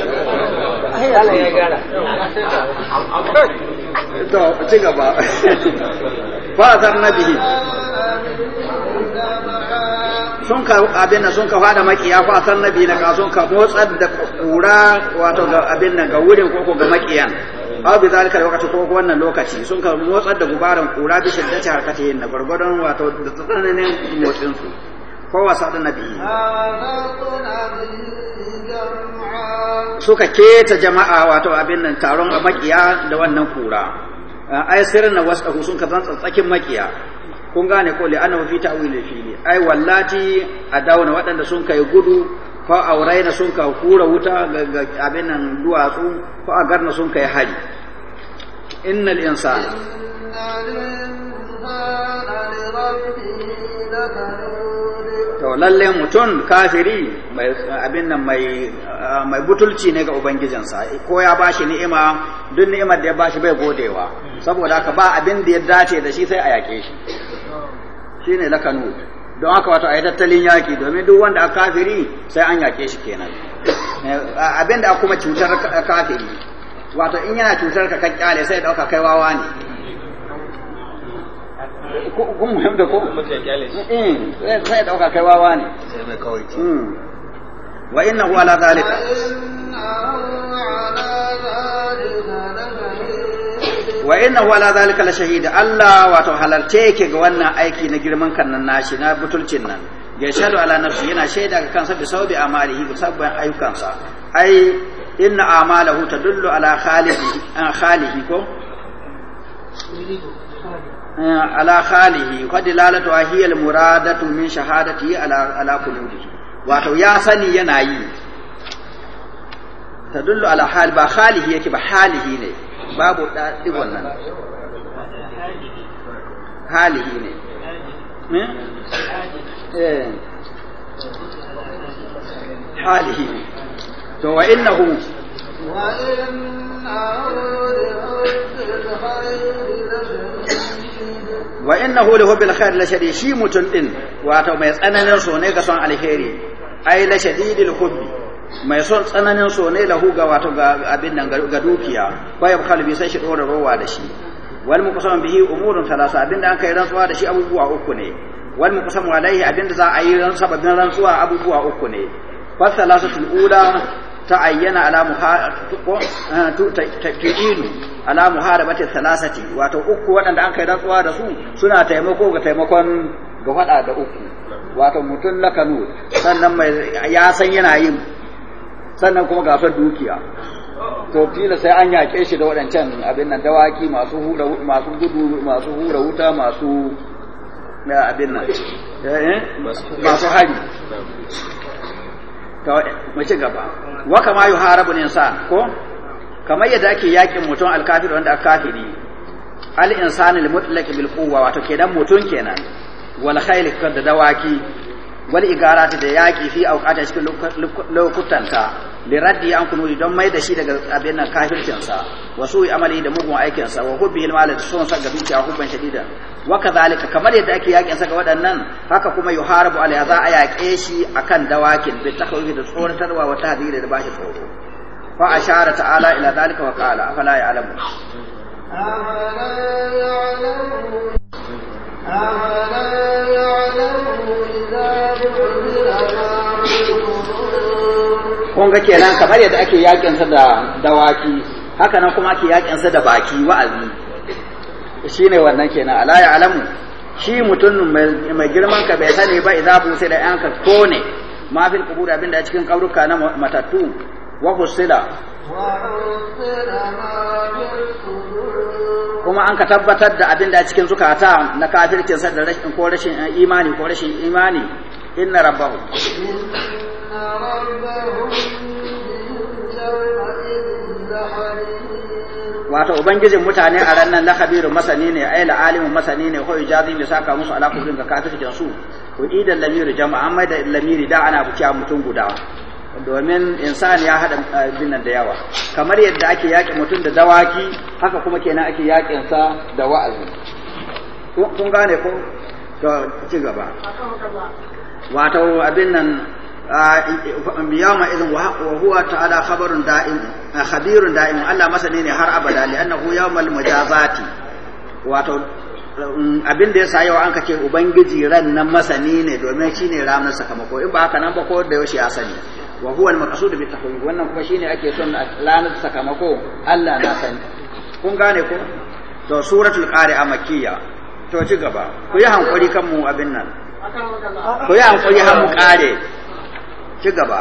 ai Allah ya gara to ci gaba fa zan nabihi sun ka abin nan sun ka fada makiya ko san nabi na ka sun ka motsar da kura wato ga abin nan ga wurin koko ga makiyan aw bi zalika lokaci ko wannan lokaci sun ka motsar da gubaran kura bi shiddati harkati yin na gurgurdan wato da tsananin motsin su ko wasa da nabi suka keta jama'a wato abin nan taron makiya da wannan kura ai sirrin wasu sun ka zan tsakin makiya kun gane ko li annahu fi ta'wil fili ai wallati dauna waɗanda sun kai gudu fa auraina sun ka kura wuta ga abin nan duwatsu fa agarna sun kai hari innal insana to lalle mutum kafiri mai abin nan mai ah, mai butulci ne ga ubangijinsa ko ya bashi ni'ima duk ni'imar da ya bashi bai godewa saboda haka ba abin da ya dace da shi sai a yake shi shine lakanut don aka wato ayi tattalin yaki domin duk wanda a kafiri sai an yake shi kenan eh, abin da kuma cutar kafiri wato in yana cutar ka kyale sai dauka kai wawa ne kun muhim da ko sai dauka eh, kai wawa ne hmm. wa innahu ala zalika wa inna huwa la zalika la shahida Allah wato halarce yake ga wannan aiki na girman kan nan nashi na butulcin nan ya shalu ala nafsi yana shaida ga kansa bi saubi amalihi ga sabbin ayyukansa ai inna amalahu tadullu ala khalihi an khalihi ko eh, ala khalihi qad lalatu hiya al muradatu min shahadati ala ala qulubihi wato ya sani yana yi tadullu ala hal ba khalihi yake ba halihi ne babu ɗigon nan halihi ne eh. halihi ne to wa innahu wa innahu li hubbil khair la shadid shi mutun din wato mai tsananin so ne ga son alheri ai la shadidil hubbi mai son tsananin so ne lahu ga wato ga abin nan ga dukiya ba ya bukali sai shi dora rowa da shi wal muqsam bihi umurun thalatha abin da an kai rantsuwa da shi abubuwa uku ne wal muqsam alaihi abin da za a yi ran sababin rantsuwa abubuwa uku ne fa thalathatul ula ta ayyana ala tu'ilu eh, ala muharabati thalathati wato uku waɗanda an kai rantsuwa da su suna taimako ga taimakon ga fada da uku wato mutun lakanu sannan mai ya san yana yin sannan kuma gasar dukiya to fila sai an yaƙe shi da waɗancan abin nan dawaki masu hura masu gudu masu hura wuta masu na abin nan eh, eh, masu hari to mace gaba wa kama yuharabu insan ko kamar yadda ake yakin mutum alkafir wanda kafiri al insani al mutlaq bil quwwa wato kenan mutum kenan wal khayl da dawaki wani igarata da yaƙi fi auqata cikin lokutanta li raddi an kunu don mai da shi daga abin nan kafircin sa wa su'i amali da mugun aikin sa wa hubbi al da son sa ga zuciya hubban shadida wa kadhalika kamar yadda ake yaƙin sa ga waɗannan haka kuma harabu alaya za a yaƙe shi kan dawakin bi takhawfi da tsoratarwa wa tahdiri da bashi tsoro fa shara ta'ala ila zalika wa qala afala ya'lamu alamu. kun ga kenan kamar yadda ake yakinsa da dawaki haka nan kuma ake yakinsa da baki wa'azi Shi ne wannan kenan ala alamu shi mutum mai girman ka bai sani ba idza sai da yanka kone ne mafi abinda cikin ƙauruka na matattu wa husila kuma an ka tabbatar da abin da cikin zukata na kafircin sa da rashin ko rashin eh, imani ko rashin imani inna rabbahu wato ubangijin mutane a ran nan la khabiru masani ne ai la alimu masani ne ko ijazi ya saka musu ala kufrin ga kafircin su ko idan lamiru jama'a amma da lamiri da ana bukiya mutum guda domin insani ya haɗa eh, binnan da yawa kamar yadda ake yaƙi mutum da dawaki haka kuma kenan ake yaƙin sa da wa'azi kun gane ko to ci gaba wato abin nan yawma idan wa huwa ta'ala khabarun da'im khabirun da'im Allah masani ne har abada annahu yawmal mujazati wato um, abin da ya sa yau an ka ce ubangiji ran nan masani ne domin shine ranar sakamako in ba haka nan ba ko da yaushe ya sani wa huwa al-maqsud bi tahwil wannan kuma shine ake son lanar sakamako Allah na sani kun gane ko to suratul qari'a makkiya to ci gaba ku yi hankali kan mu abin nan ku yi hankali har mu kare ci gaba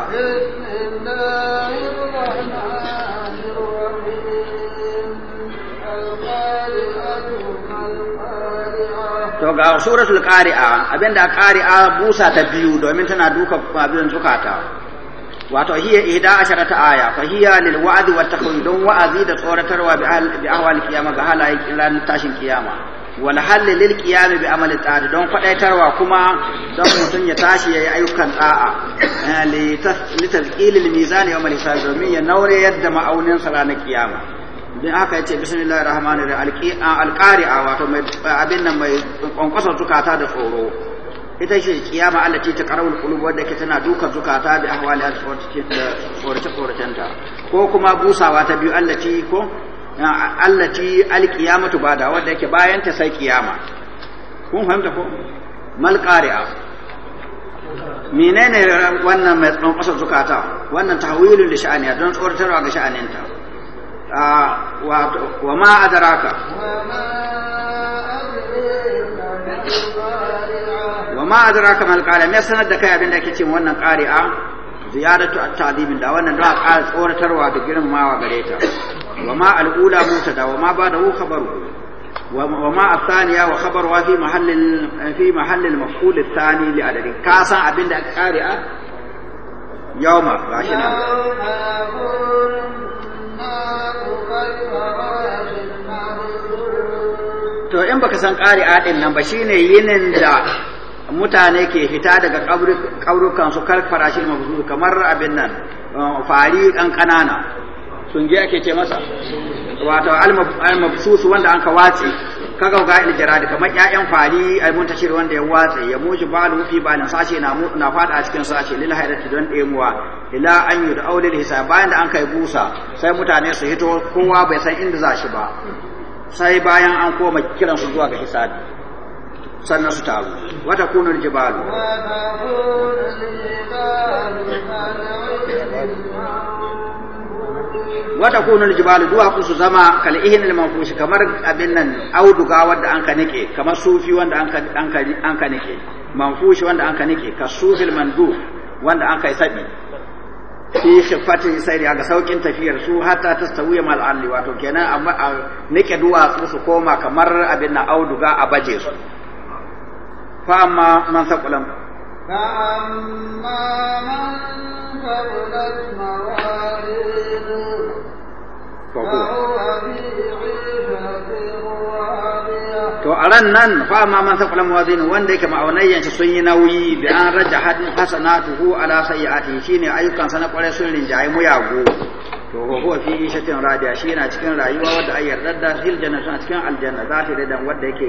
to ga suratul qari'a abinda qari'a busa ta biyu domin tana duka abin zukata wato hiya ihda asharata aya fa hiya lil wa'd wa takhwid wa'azi da tsoratarwa bi bi ahwal ga halayen kiran tashin kiyama wal hal lil qiyam bi amal tsari don kwadaitarwa kuma don mutun ya tashi yayi ayyukan da'a eh, li tazqil al mizan yawm al hisab domin ya naure yadda ma'aunin sa ranar kiyama bin aka yace bismillahir rahmanir rahim al qari'a wato mai abin nan mai kwankwasa tukata da tsoro ita ce kiyama allati ta qarawul qulub wadda ke tana dukan zukata bi ahwali tsorace tsoracenta ko kuma busawa ta biyu allati ko allati alqiyamatu bada wadda yake bayan ta sai kiyama kun fahimta ko mal qari'a menene wannan mai tsoron kasar zukata wannan tahwilun da sha'aniya don tsoratarwa ga sha'aninta wa ma adraka wa ma adraka wa ma adraka mal qala me sanar da kai abin da ake cin wannan qari'a ziyadatu at-ta'dib da wannan da ƙara tsoratarwa da girmamawa gare ta wa ma al-ula mutada wa ma bada hu khabaru wa ma athaniya wa khabaru wa fi mahallin fi mahallin maf'ul athani li adadin ka san abin da qari'a yawma gashi nan to in baka san a din nan ba shine yinin da mutane ke hita daga ƙaurukan su karfara shi mafusu kamar abin nan uh, fari ɗan ƙanana sun je ake ce masa wato almabsusu wanda an ka watse ka gauga da kamar ƴaƴan fari almuntashir wanda ya watse ya mushi da fi bayan sashe na fada a cikin sashe lil hayrati don ɗemuwa ila an yi da aulil hisa bayan da an kai busa sai mutane su hito kowa bai san inda za shi ba sai bayan an koma kiransu zuwa ga hisabi sannan su taru wata kunar jibalu wata kunar jibalu duwatsu su zama kal'ihin ilmanfushi kamar abin nan auduga wanda an ka nike kamar sufi wanda an ka nike manfushi wanda an ka nike ka sufi mandu wanda an ka yi saɓi fi shifatin sai ga saukin tafiyar su hatta ta sauya mal alli wato kenan a nike duwatsu su koma kamar abin na auduga a baje su فأما من ثقلت من موازينه فهو To a ran nan fa ma man saqala mawazin wanda yake ma'aunayyan shi sun yi nauyi bi an raja hu ala sayyi'ati shine ayyukan sa na kware sun rinjaye mu yago to huwa fi ishatin radiya shi yana cikin rayuwa wadda ayyar dadda hil janna a cikin aljanna za ta da wanda yake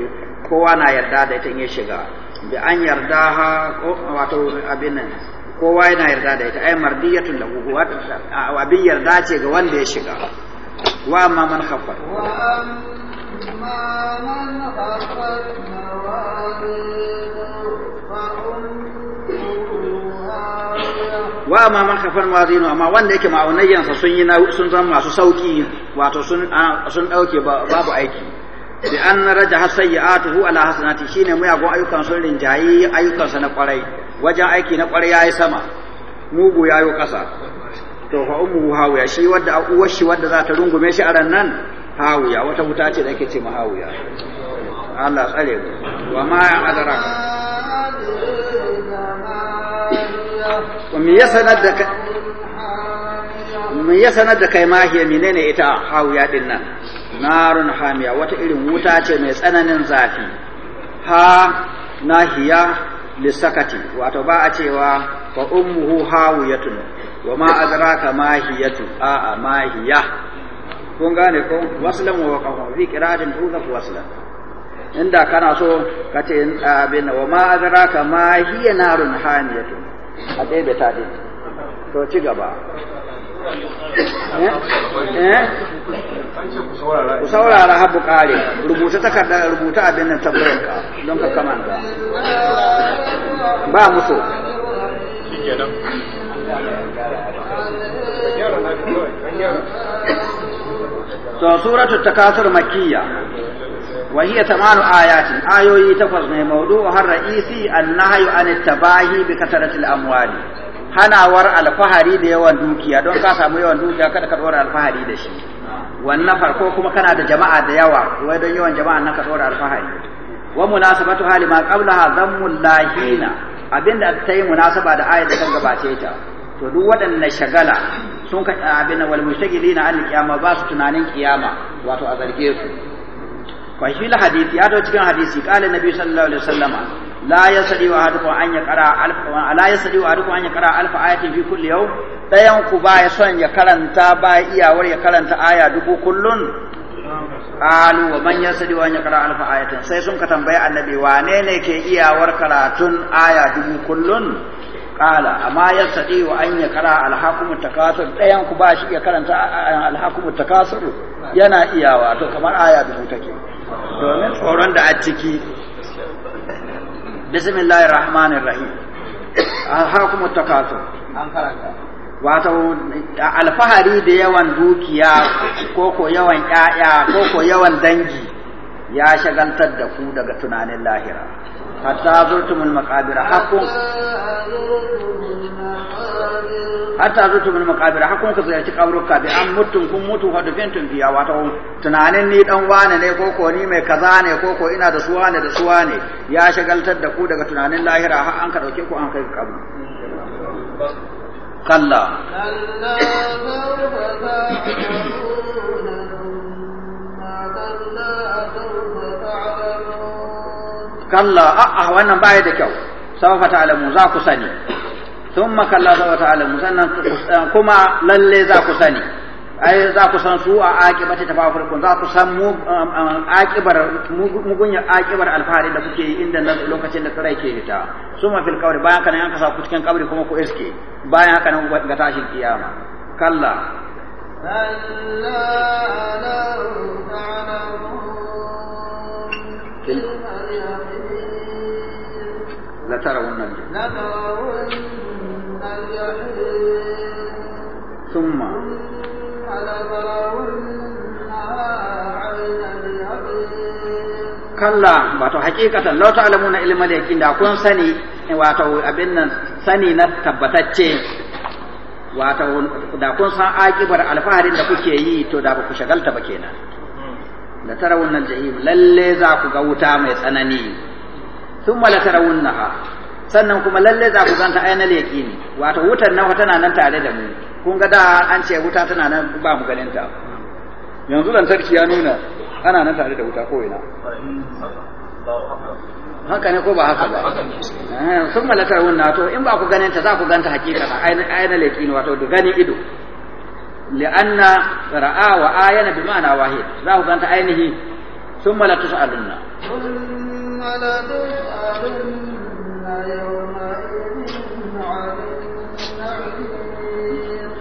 kowa na yarda da ita in ya shiga bi an yarda ha wato abin kowa yana yarda da ita ai mardiyatun lahu abin yarda ce ga wanda ya shiga wa amma man khaffat wa ma man kafar mawazinu amma wanda yake ma'aunayyansa sun yi sun zama masu sauki wato sun sun dauke babu aiki bi an raja sayyi'atuhu ala hasanati shine muyagun ayyukan sun rinjayi ayyukan sa na kwarai wajen aiki na kwarai yayi sama mugu yayi kasa to fa ummu hawiya shi wadda uwar shi wadda za ta rungume shi a ran nan hawiya wata wuta ce da ake ce ma hawiya Allah tsare ku wa ma ya adara ka mu me ya da kai ma menene ita hawiya din nan narun hamiya wata irin wuta ce mai tsananin zafi ha nahiya lissakati wato ba a cewa fa ummuhu hawiyatun wa ma adraka mahiyatu a a mahiya kun gane ko waslan wa waqafa fi qiratin tudaf waslan inda kana so ka ce abin wa ma adraka mahiya narun hamiyatun a dai ta dai to ci gaba ku saurara habu kare rubuta takarda rubuta abin nan tabbayar ka don ka kamanta ba muso ta suratul takasur wani wa hiya tamanu ayatin ayoyi takwas ne mawdu'u har ra'isi an-nahyu an at-tabahi bi kasratil amwali hanawar alfahari da yawan dukiya don ka samu yawan dukiya kada ka dora alfahari da shi wannan farko kuma kana da jama'a da yawa wai don yawan jama'a nan ka dora alfahari wa munasabatu hali ma qablaha dhammul lahina abinda ta yi munasaba da ayat da gabace ta to duk waɗannan shagala sun ka abin wal mushtagilina an kiyama ba su tunanin kiyama wato a zarge su fa shi hadisi ya cikin hadisi qala nabi sallallahu alaihi wasallama la yasdi wa ahadukum an yaqra alf wa la yasdi wa ahadukum an yaqra alf ayatin fi kulli yawm dayan ku ba ya son ya karanta ba iyawar ya karanta aya dubu kullun qalu wa man sadi wa an yaqra alfa ayatin sai sun ka tambaye annabi wane ne ke iyawar karatun aya dubu kullun qala amma sadi wa an yaqra alhaqum takasur dayan ku ba shi ya karanta alhaqum takasur yana iyawa to kamar aya dubu take domin tsoron da a ciki بسم الله الرحمن الرحيم takasur an wato alfahari da yawan dukiya koko yawan ƴaƴa koko yawan dangi ya shagantar da ku daga tunanin lahira hatta zurtumul maqabir hakun hatta zurtumul maqabir hakun ku ziyarci kaburuka bi an mutum kun mutu fa dufintum biya wato tunanin ni dan wane ne ko ni mai kaza ne ko ina da suwa ne da suwa ne ya shagaltar da ku daga tunanin lahira har an ka dauke ku an kai kabru kalla kalla kalla a'a wannan baya da kyau fata alamu za ku sani makalla kalla sawfa alamu sannan kuma lalle za ku sani ai za ku san su a akibata tafafurkun za ku san mu akibar mugunyar akibar alfahari da kuke inda nan lokacin da tsirai ke fita su ma fil kabri bayan kanan yanka sa ku cikin kabri kuma ku iske bayan haka nan ga tashin kiyama kalla kalla لترون ثم kalla wato hakikatan lau ta'lamuna ilmal yaqin da kun sani wato abin nan sani na tabbatacce wato da kun san akibar alfaharin da kuke yi to da ba ku shagalta ba kenan la tarawunna jahim lalle za ku ga wuta mai tsanani thumma la ha sannan kuma lalle za ku ganta ainal yaqini wato wutar nan tana nan tare da mu kun ga da an ce wuta tana nan ba mu ganin ta yanzu lantarki ya nuna ana nan tare da wuta ko ina haka ne ko ba haka ba sun eh, malakar wannan to in ba ku ganin ta za ku ganta hakika ba ainal yaqini wato da gani ido li'anna ra'a wa ayana bi ma'ana wahid za ku ganta ainihi sun mala tusu adunna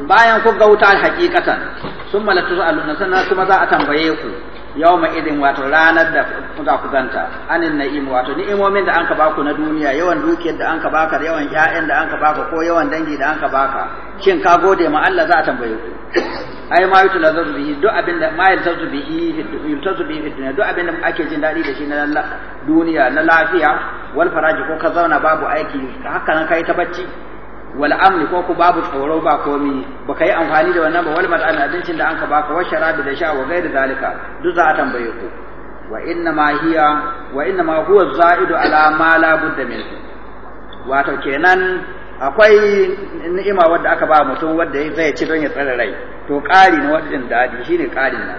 bayan ku gauta hakikatan sun mala tusu adunna sannan kuma za a tambaye ku yau ma idin wato ranar da kuka ku zanta anin na'im wato ni'imomin da an ka baku na duniya yawan dukiyar da an ka baka da yawan ƴaƴan da an ka baka ko yawan dangi da an ka baka shin ka gode ma Allah za a tambaye ku ai ma yutu lazu bihi duk abin da ma yutu bihi yutu bihi dunya duk abin da ake jin dadi da shi na duniya na lafiya wal faraji ko ka zauna babu aiki haka nan kai ta bacci wal amni ko ku babu tsoro ba komi ba kai amfani da wannan ba wal mat'ami abincin da anka baka wa sharabi da sha wa gairi zalika duk za a tambaye ku wa inna ma hiya wa inna ma huwa za'idu ala ma la budda min wato kenan akwai ni'ima wadda aka ba mutum wadda zai ci don ya tsare rai to ƙari na wajen daɗi shine ƙarin nan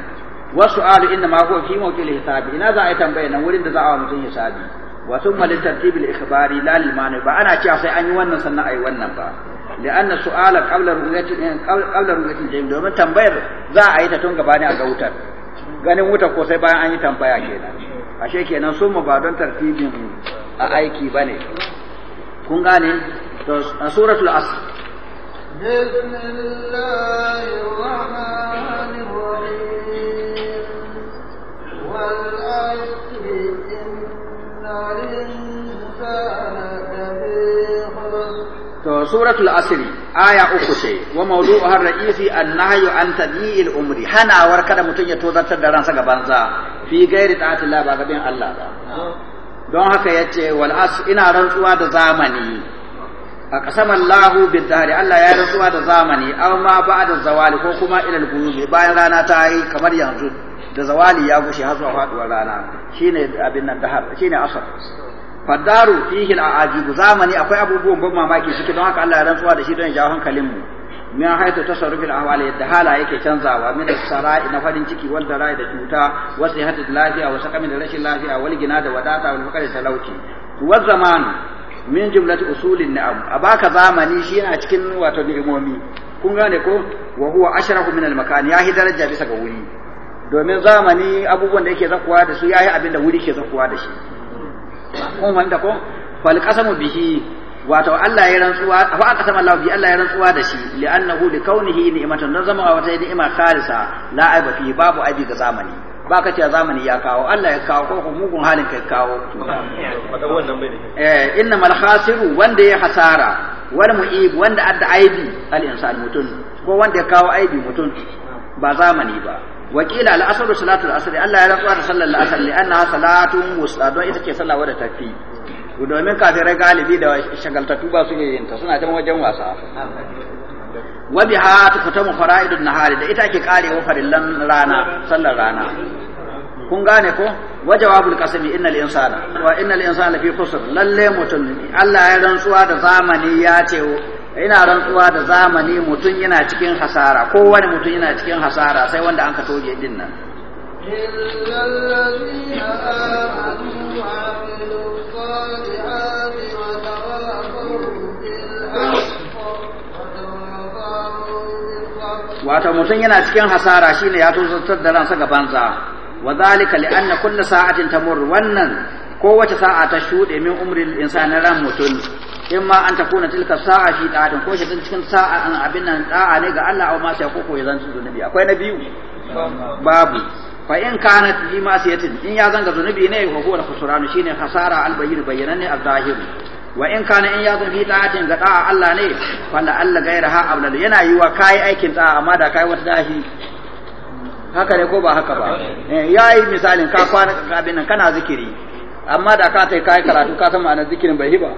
wasu alu inna ma huwa fi mawqil hisabi ina za a yi tambaya nan wurin da za a wa mutum hisabi wa sun litartib al-ikhbari lalil mani ba ana cewa sai an yi wannan sannan a yi wannan ba da su'alar na su'ala qabla jami domin tambayar za a yi ta tun gaba ne a ga wutar ganin wutar ko sai bayan an yi tambaya kenan ashe kenan sun ba don tartibin a aiki bane kun gane to suratul asr bismillahir to suratul asiri aya uku ce wa mawdu'uha har raisi a nahyu an tadyi'il umri war kada mutun ya tozartar da ransa ga banza fi ghairi ta'ati Allah ba gaban Allah ba don haka yace wal as ina rantsuwa da zamani a kasam Allahu bid Allah ya rantsuwa da zamani amma ba da zawali ko kuma ila al bayan rana ta yi kamar yanzu da zawali ya gushe har zuwa faduwar rana shine abin nan dahar shine asr faddaru fihi al'ajibu zamani akwai abubuwan ban mamaki suke don haka Allah ya rantsuwa da shi don ya jawo hankalin mu min haitu tasarrufil ahwal yadda hala yake canzawa min sarai na farin ciki wal darai da cuta wa sihhati lafiya wa sakamin da rashin lafiya wal gina da wadata wal fakari talauci wa zamanu min jumlati usulin ni'am abaka zamani shi yana cikin wato ni'imomi kun gane ko wa huwa ashrafu min al makan yahi daraja bisa ga wuri domin zamani abubuwan da yake zakuwa da su yayi abin da wuri ke zakuwa da shi kun wanda ko fal qasamu bihi wato Allah ya rantsuwa fa qasama Allah bi Allah ya rantsuwa da shi li'annahu li kaunihi ni'matan dan zama wata ni'ima khalisa la aiba fi babu aibi ga zamani ba ka cewa zamani ya kawo Allah ya kawo ko mugun halin kai kawo eh inna mal khasiru wanda ya hasara wal mu'ib wanda adda aibi al insan mutun ko wanda ya kawo aibi mutun ba zamani ba وقيل العصر صلاة العصر الله يا رب صلى العصر لأنها صلاة وسطى دون إذا صلى ولا تكفي domin kafirai galibi da shagaltattu ba su ne yin ta suna can wajen wasa wa biha tukutamu fara'idun nahari da ita ke karewa farillan rana sallar rana kun gane ko wa jawabul qasami innal insana wa innal insana fi khusr lalle mutum Allah ya rantsuwa da zamani ya ce ina rantsuwa da zamani mutum yana cikin hasara kowane mutum yana cikin hasara sai wanda an ka toge din nan wato mutum yana cikin hasara shine ya tozartar da ransa gaban banza wa zalika li anna kulli sa'atin tamur wannan kowace sa'a ta shuɗe min umril insani ran mutum in ma an takuna tilka sa'a fi da'atin ko shi cikin sa'a an abin nan da'a ne ga Allah au ma sai koko ya zanta zunubi akwai na biyu babu fa in kanat fi masiyatin in ya zanga zunubi ne ko huwa al-khusran shine khasara al-bayyin ne al-zahir wa in kana in ya zan fi da'atin ga da'a Allah ne fala Allah gairaha ablal yana yi wa kai aikin da'a amma da kai wata dahi haka ne ko ba haka ba eh, yayi misalin ka kwana abin nan kana zikiri amma da ka tai kai karatu ka san ma'anar zikirin bai hiba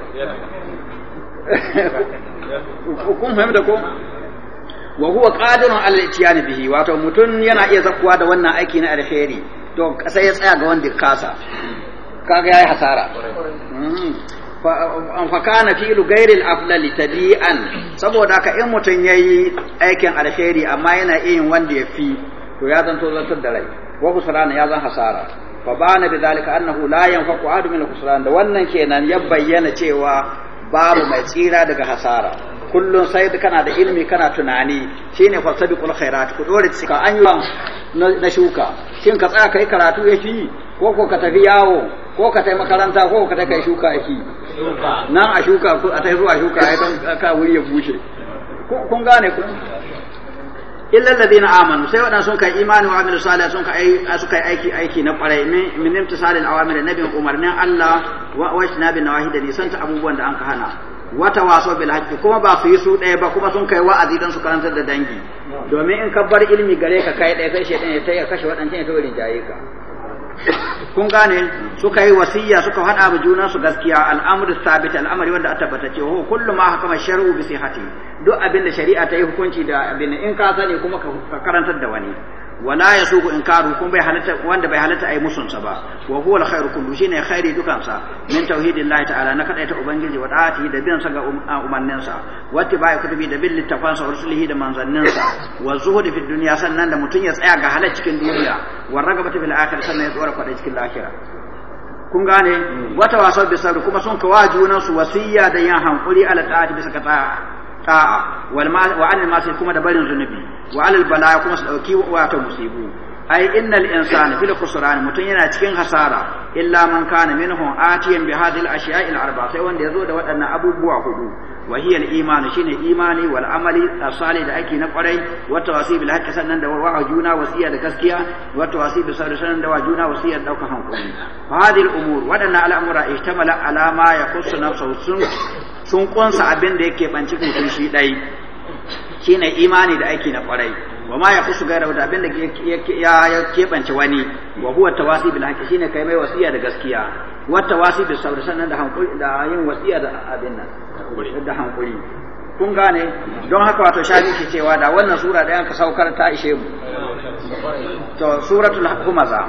kun fahimta da ko wa huwa qadirun ala itiyani bihi wato mutun yana iya zakuwa da wannan aiki na alheri to sai ya tsaya ga wanda kasa kaga yayi hasara mm. um, fa kana fi'lu ghairi al-afdal tadi'an saboda ka in mutun yayi aikin alheri amma yana yin wanda ya fi to ya zan to zantar da rai wa kusurana ya zan hasara fa bana bi dalika annahu la yanfaqu adu min al da wannan kenan ya bayyana cewa babu mai tsira daga hasara kullum sai kana da ilimi kana tunani shine fasabiqul khairat ku dore an na shuka shin ka tsaya kai karatu yafi ko ko ka tafi yawo ko ka tai makaranta ko ka tai kai shuka nan a shuka a tai zuwa shuka ai don ka wuri ya bushe kun gane illa na amanu sai wadan sun kai imani wa amilu salih sun kai suka aiki aiki na kwarai min min imtisalil awamir nabi umarnin Allah wa wajnabi nawahi da nisan ta abubuwan da an ka hana wata waso bil haqqi kuma ba su yi su ɗaya ba kuma sun kai wa'azi dan su karantar da dangi domin in ka bar ilimi gare ka kai ɗaya kai shedan ya taya kashe waɗancan ya tawarin jaye ka kun gane suka yi wasiya suka faɗa ma juna su gaskiya al'amru sabit al'amari wanda aka tabbata ce ho kullu ma hakama shar'u bi sihhati duk abin da shari'a ta yi hukunci da abin in ka sani kuma ka karantar da wani wala ya yasuqu inkaru kun bai halatta wanda bai halatta ai musunsa ba wa huwa alkhairu kullu shine khairi dukansa min tauhidillahi ta'ala na kadaita ubangiji wa da'ati da bin sa ga um-, umannin sa wa tibai kutubi da bin littafan sa rusulihi da manzannin sa wa zuhudi fi dunya sannan da mutun ya tsaya ga halal cikin duniya wa ragabati fil akhirah sannan ya tsora kwadai cikin lahira kun gane wata wasa bi sabr kuma sun kawa junan su wasiya da yan hankuri ala ta'ati bisa ta'a wal kuma da barin zunubi wa alal bala kuma su dauki wato musibu ai innal insana fil khusran mutun yana cikin hasara illa man kana minhum atiyan bi hadhihi al ashiya'i al arba sai wanda yazo da waɗannan abubuwa hudu wa hiya al iman shine imani wal amali asali da ake na kwarai wa tawasi bil haqqi sannan da wa'a juna wasiya da gaskiya wa tawasi bil sabr sannan da wa'a juna wasiya da daukan hankali hadhihi al umur waɗannan al'amura ihtamala ala ma yakhussu nafsuhu sun sun kunsa abin da yake banci mutum shi dai shine imani da aiki na kwarai wa ma ya kusu gaira da abin da ya keɓance wani wa huwa tawasi bil haqqi shine kai mai wasiya da gaskiya wa tawasi da sabr sannan da hankuri da yin wasiya da abin nan da hankuri kun gane don haka wato shafi ke cewa da wannan sura da ka saukar ta ishe mu to suratul humaza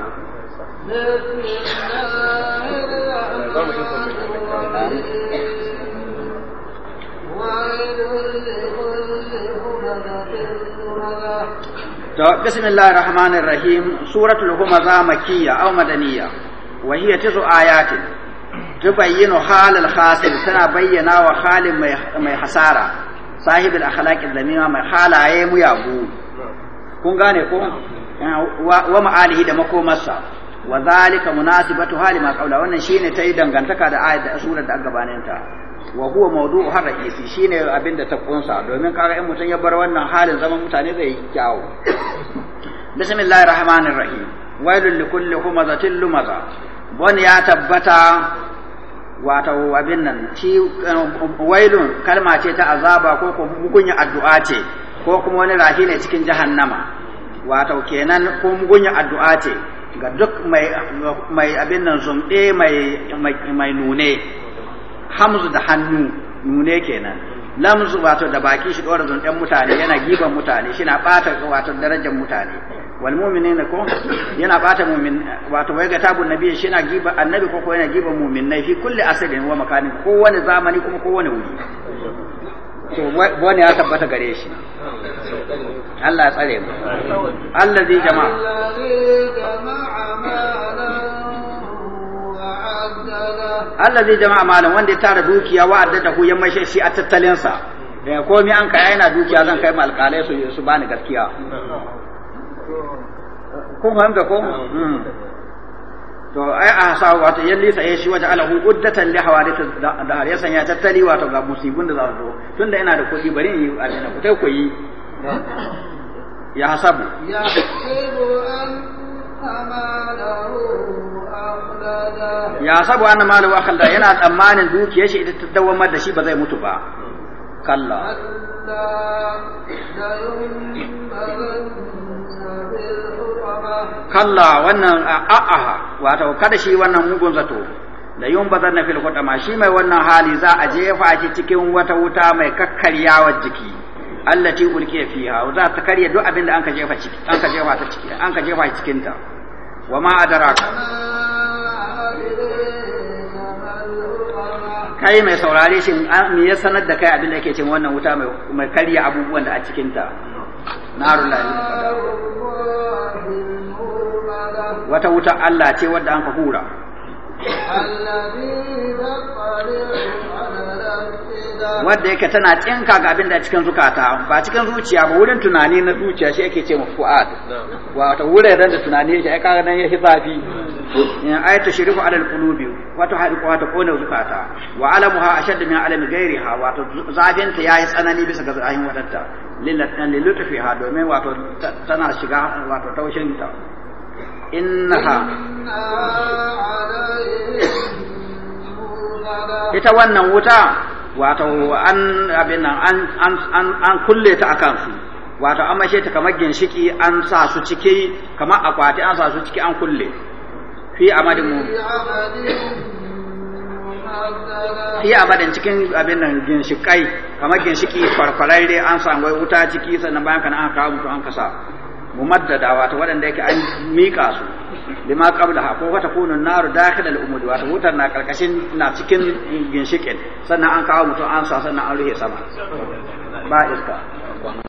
ويل لكل To, bismillahir rahmanir rahim suratul humaza makiyya aw madaniyya wa hiya tizu ayatin tubayyinu halal khasir tana bayyana wa halin mai hasara sahibul akhlaqid damima mai halaye mu yabu kun gane ko wa ma'alihi da makomarsa wa zalika munasibatu hali ma qawla wannan shine ta yi dangantaka da ayat da surar da gabaninta wa huwa mawdu har shi shine abin da ta kunsa domin kaga in mutum ya bar wannan halin zaman mutane zai yi kyawu bismillahir rahmanir rahim wailul likulli humazatil lumaza bon ya tabbata wato abin nan ci wailun kalma ce ta azaba ko ko mugunya addu'a ce ko kuma wani rahi ne cikin jahannama wato kenan ko mugunya addu'a ce ga duk mai mai abin nan zumbe mai mai nune hamzu da hannu nune kenan lamzu wato da baki shi dora ɗan mutane yana giban mutane shi na bata wato darajar mutane wal mu'minina ko yana bata mu'min wato wai ga tabu nabi shi na giba annabi ko ko yana giban nai fi kulli asalin wa makanin kowane zamani kuma kowane wuri to wani ya tabbata gare shi Allah ya tsare mu zai jama'a Allah zai jama'a malam wanda ya tara dukiya wa da hu yamma shi shi a tattalin sa mi an kai yana dukiya zan kai ma alƙalai su su bani gaskiya kun fahimta ko hmm. to ai a sa wato yalli sai ya shi waje alahu uddatan li hawadith da ya sanya tattali wato ga musibin da za su zo tunda ina da kuɗi bari in yi aljanna ku tai ku yi ya hasabu ya hasabu an amalahu ya sabu anna malu wa khalda yana tsammanin dukiya shi ita ta dawamar da shi ba zai mutu ba kalla kalla wannan a'aha wato kada shi wannan mugun zato da yun bazar na fil kudama shi mai wannan hali za a jefa shi cikin wata wuta mai kakkaryawar jiki allati ulkiya fiha za ta karya duk abinda da an ka jefa ciki cikin ta wa ma adraka kai mai saurare shi ah, me ya sanar da kai abin da yake cin wannan wuta mai karya abubuwan da a cikin ta narul wata wuta Allah ce wadda an ka hura wadda yake tana tsinka ga abin da cikin zukata ba cikin zuciya ba wurin tunani na zuciya shi ake ce ma fu'ad wato wuraren da tunani shi ai kaga nan yahi zafi in eh, ay tashrifu ala alqulubi wato hadiqa wato kona zukata wa alamuha ashaddu min alami ghairiha wato zafin ta yayi tsanani bisa ga zahin wadatta lillatan lilutfiha domin wato tana shiga wato taushin ta innaha ita wannan wuta wato an abin nan an an an kulle ta akan su wato an mashe ta kamar ginshiki an sa su ciki kamar akwati an sa su ciki an kulle fi amadin mu fi amadin cikin abin nan ginshikai kamar ginshiki dai an sa wuta ciki sannan bayan kan an kawo mutu an kasa mumaddada wato waɗanda yake an miƙa su lima qabla ko wata kunu naru dakhil al umud wato wutar na karkashin na cikin ginshikin sannan an kawo mutum an sa sannan an rufe sama ba iska